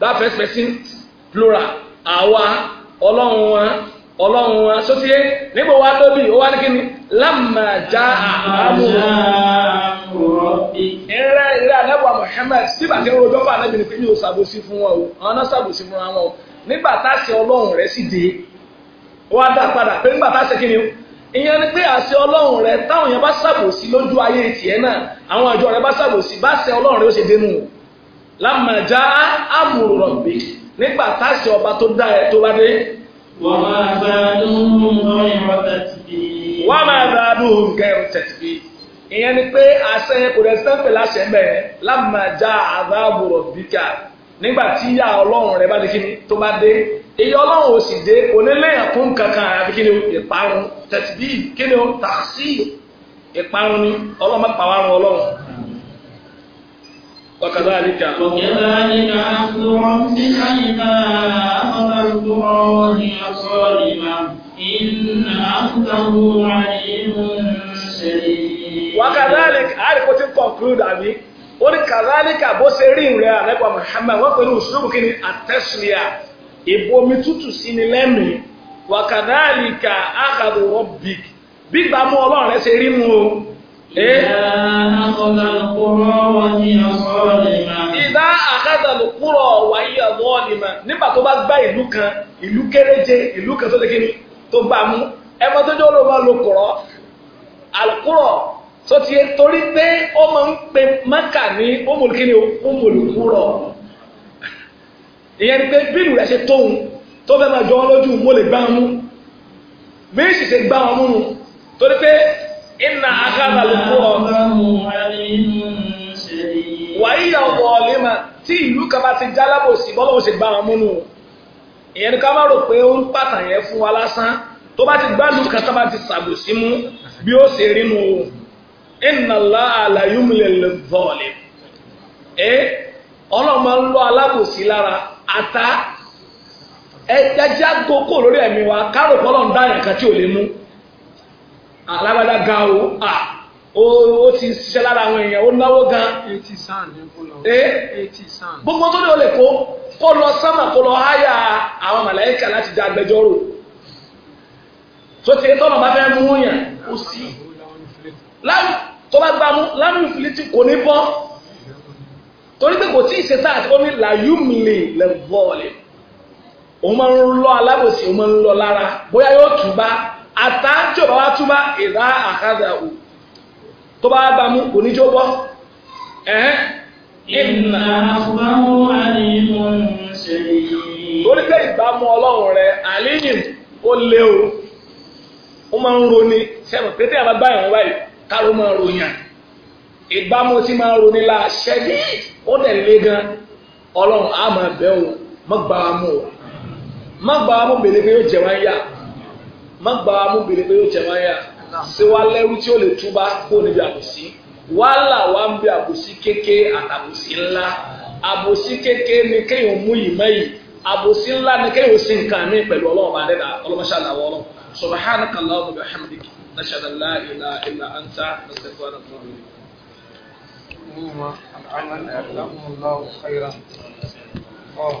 that first person plural àwa ọlọ́run wọn ọlọ́run wọn sọ́tìyé nígbà wa tóbi ó wá ní kíni lámàjá àmúrò ìrẹ́ ìrẹ́ àdẹ́bùwà Muhammad sígbà tí ó dọ́fà náà bìnrin pé mi ò ṣàbòsí fún wọn o àwọn náà ṣàbòsí fún wọn o nígbà táṣẹ ọlọ́run rẹ̀ sì dé wá dá padà pé nígbà táṣẹ kíni o ìyẹn ni pé àṣẹ ọlọ́run rẹ̀ táwọn yẹn bá ṣàbòsí lójú ayé tiẹ̀ náà àwọn àjọ rẹ̀ bá ṣàbòsí bá ṣẹ ọlọ́run rẹ̀ ó ṣe dénú o lámàjá amru rabbik nígbà táṣì ọba tó dá ẹ tó bá dé. wọ́n máa bá a dún lọ́yìn rọ́bà tìbí. wọ́n máa ìyẹn ni pé àṣẹ kò dẹ̀ sẹ́ńpẹ̀ láṣẹ mẹ́ẹ̀ lámàjá amru rabbika nígbà tí ìyá ọlọ́run rẹ bá dé kíni tó bá dé èyí ọlọ́run ò sì dé onílẹ̀yàn fún kankan àyàfi kíni ìparun tẹ̀síbí kíni tàṣí ìparun ni ọlọ́run má pàwọn ọlọ́run. وكذلك وكذلك أخذ ربك إذا أخذ القرى وهي صالمة إن أخذه عليم شديد وكذلك عارف what you conclude àbí ó ní kàzálíkà bó ṣe rí ìrẹ́ àrẹ́pà Muhammad wọ́n pẹ̀lú òṣùlùmù kí ni àtẹ́sùlẹ̀ ìbò tútù sí ni lẹ́mìí wàkàdálíkà àkàdùrọ̀ big bígbàmú ọlọ́run rẹ̀ ṣe rí mu o إذا أخذ القرى وهي ظالمة إذا أخذ القرى وهي ظالمة nígbà tó bá gbá ìlú kan ìlú kéréje ìlú kan tó lè kíni tó bá mú ẹmọ tó jẹ́ olóògbé olókùrọ̀ alukùrọ̀ tó ti yẹ torí pé ó máa ń pe mẹ́kà ní ọmọlùkíni inna akada lukuro wàyíyà ọ̀bọ̀ ọ̀lẹ́mà tí ìlú kan bá ti jálábò sí bọ́lá ó sì gbá wọn múnú ìyẹn ni ká má rò pé ó ń pàtàn yẹn fún wa lásán tó bá ti gbádùn kan tó bá ti sàbò sí mú bí ó ṣe rí inna Allaha la yumlil zalim ẹ ọlọ́mọ ń lọ alábòsí lára ata ẹ jẹjẹ àgókò lórí ẹ̀mí wa kárò kọ́lọ́ ń dá yẹn kan tí ò lè mú alábàdà gan o ó ti ṣiṣẹ́ lára àwọn èèyàn ó náwó gan. eighty sand ní kó lọ. eighty sand. gbogbo tó ní o lè kó kó lọ sánmà kó lọ háyà àwọn màláíkà láti dá agbẹjọ́rò tó ti tọ́nà bá fẹ́ mú yàn ó sí tó bá gbá mú lánàá ìfìlítì kò ní bọ́ torí pé kò tí ì ṣe sáà tí ó ní làyúmìlì lẹ́bọ̀ọ̀lì òun máa ń lọ alábòsí òun máa ń lọ lára bóyá yóò tù bá àtàǹtì ọ̀bá wa túbá ìdá àkàdà ò tó bá gbà mú oníjó bọ́ ẹ̀hẹ́n. ìnà àfúbáwò àlìmọ̀ ń ṣe yìí. ó ní pé ìbámu ọlọ́run rẹ̀ àlìyìn ó lé o ó máa ń roni sẹ́wọ̀n pété àbá tí máa roni la ṣẹ́dí ó má gba amúbìnrin pé yóò jẹ máa yà ṣé wàá lẹ́rú tí ó lè túbá kó níbi àbòsí wàá là wàá ń bi àbòsí kéke àtàbòsí ńlá àbòsí kéke ni kéèyàn mú yìí mẹ́yìí àbòsí ńlá ni kéèyàn sí nǹkan ní pẹ̀lú ọlọ́run bá dẹ́ta ọlọ́mọṣẹ́ àlàwọ̀ ọlọ́run subhanaka allahumma wa bihamdika nashhadu an la ilaha illa anta nastaghfiruka wa natubu ilayk عموما العمل يعلمه الله خيرا اه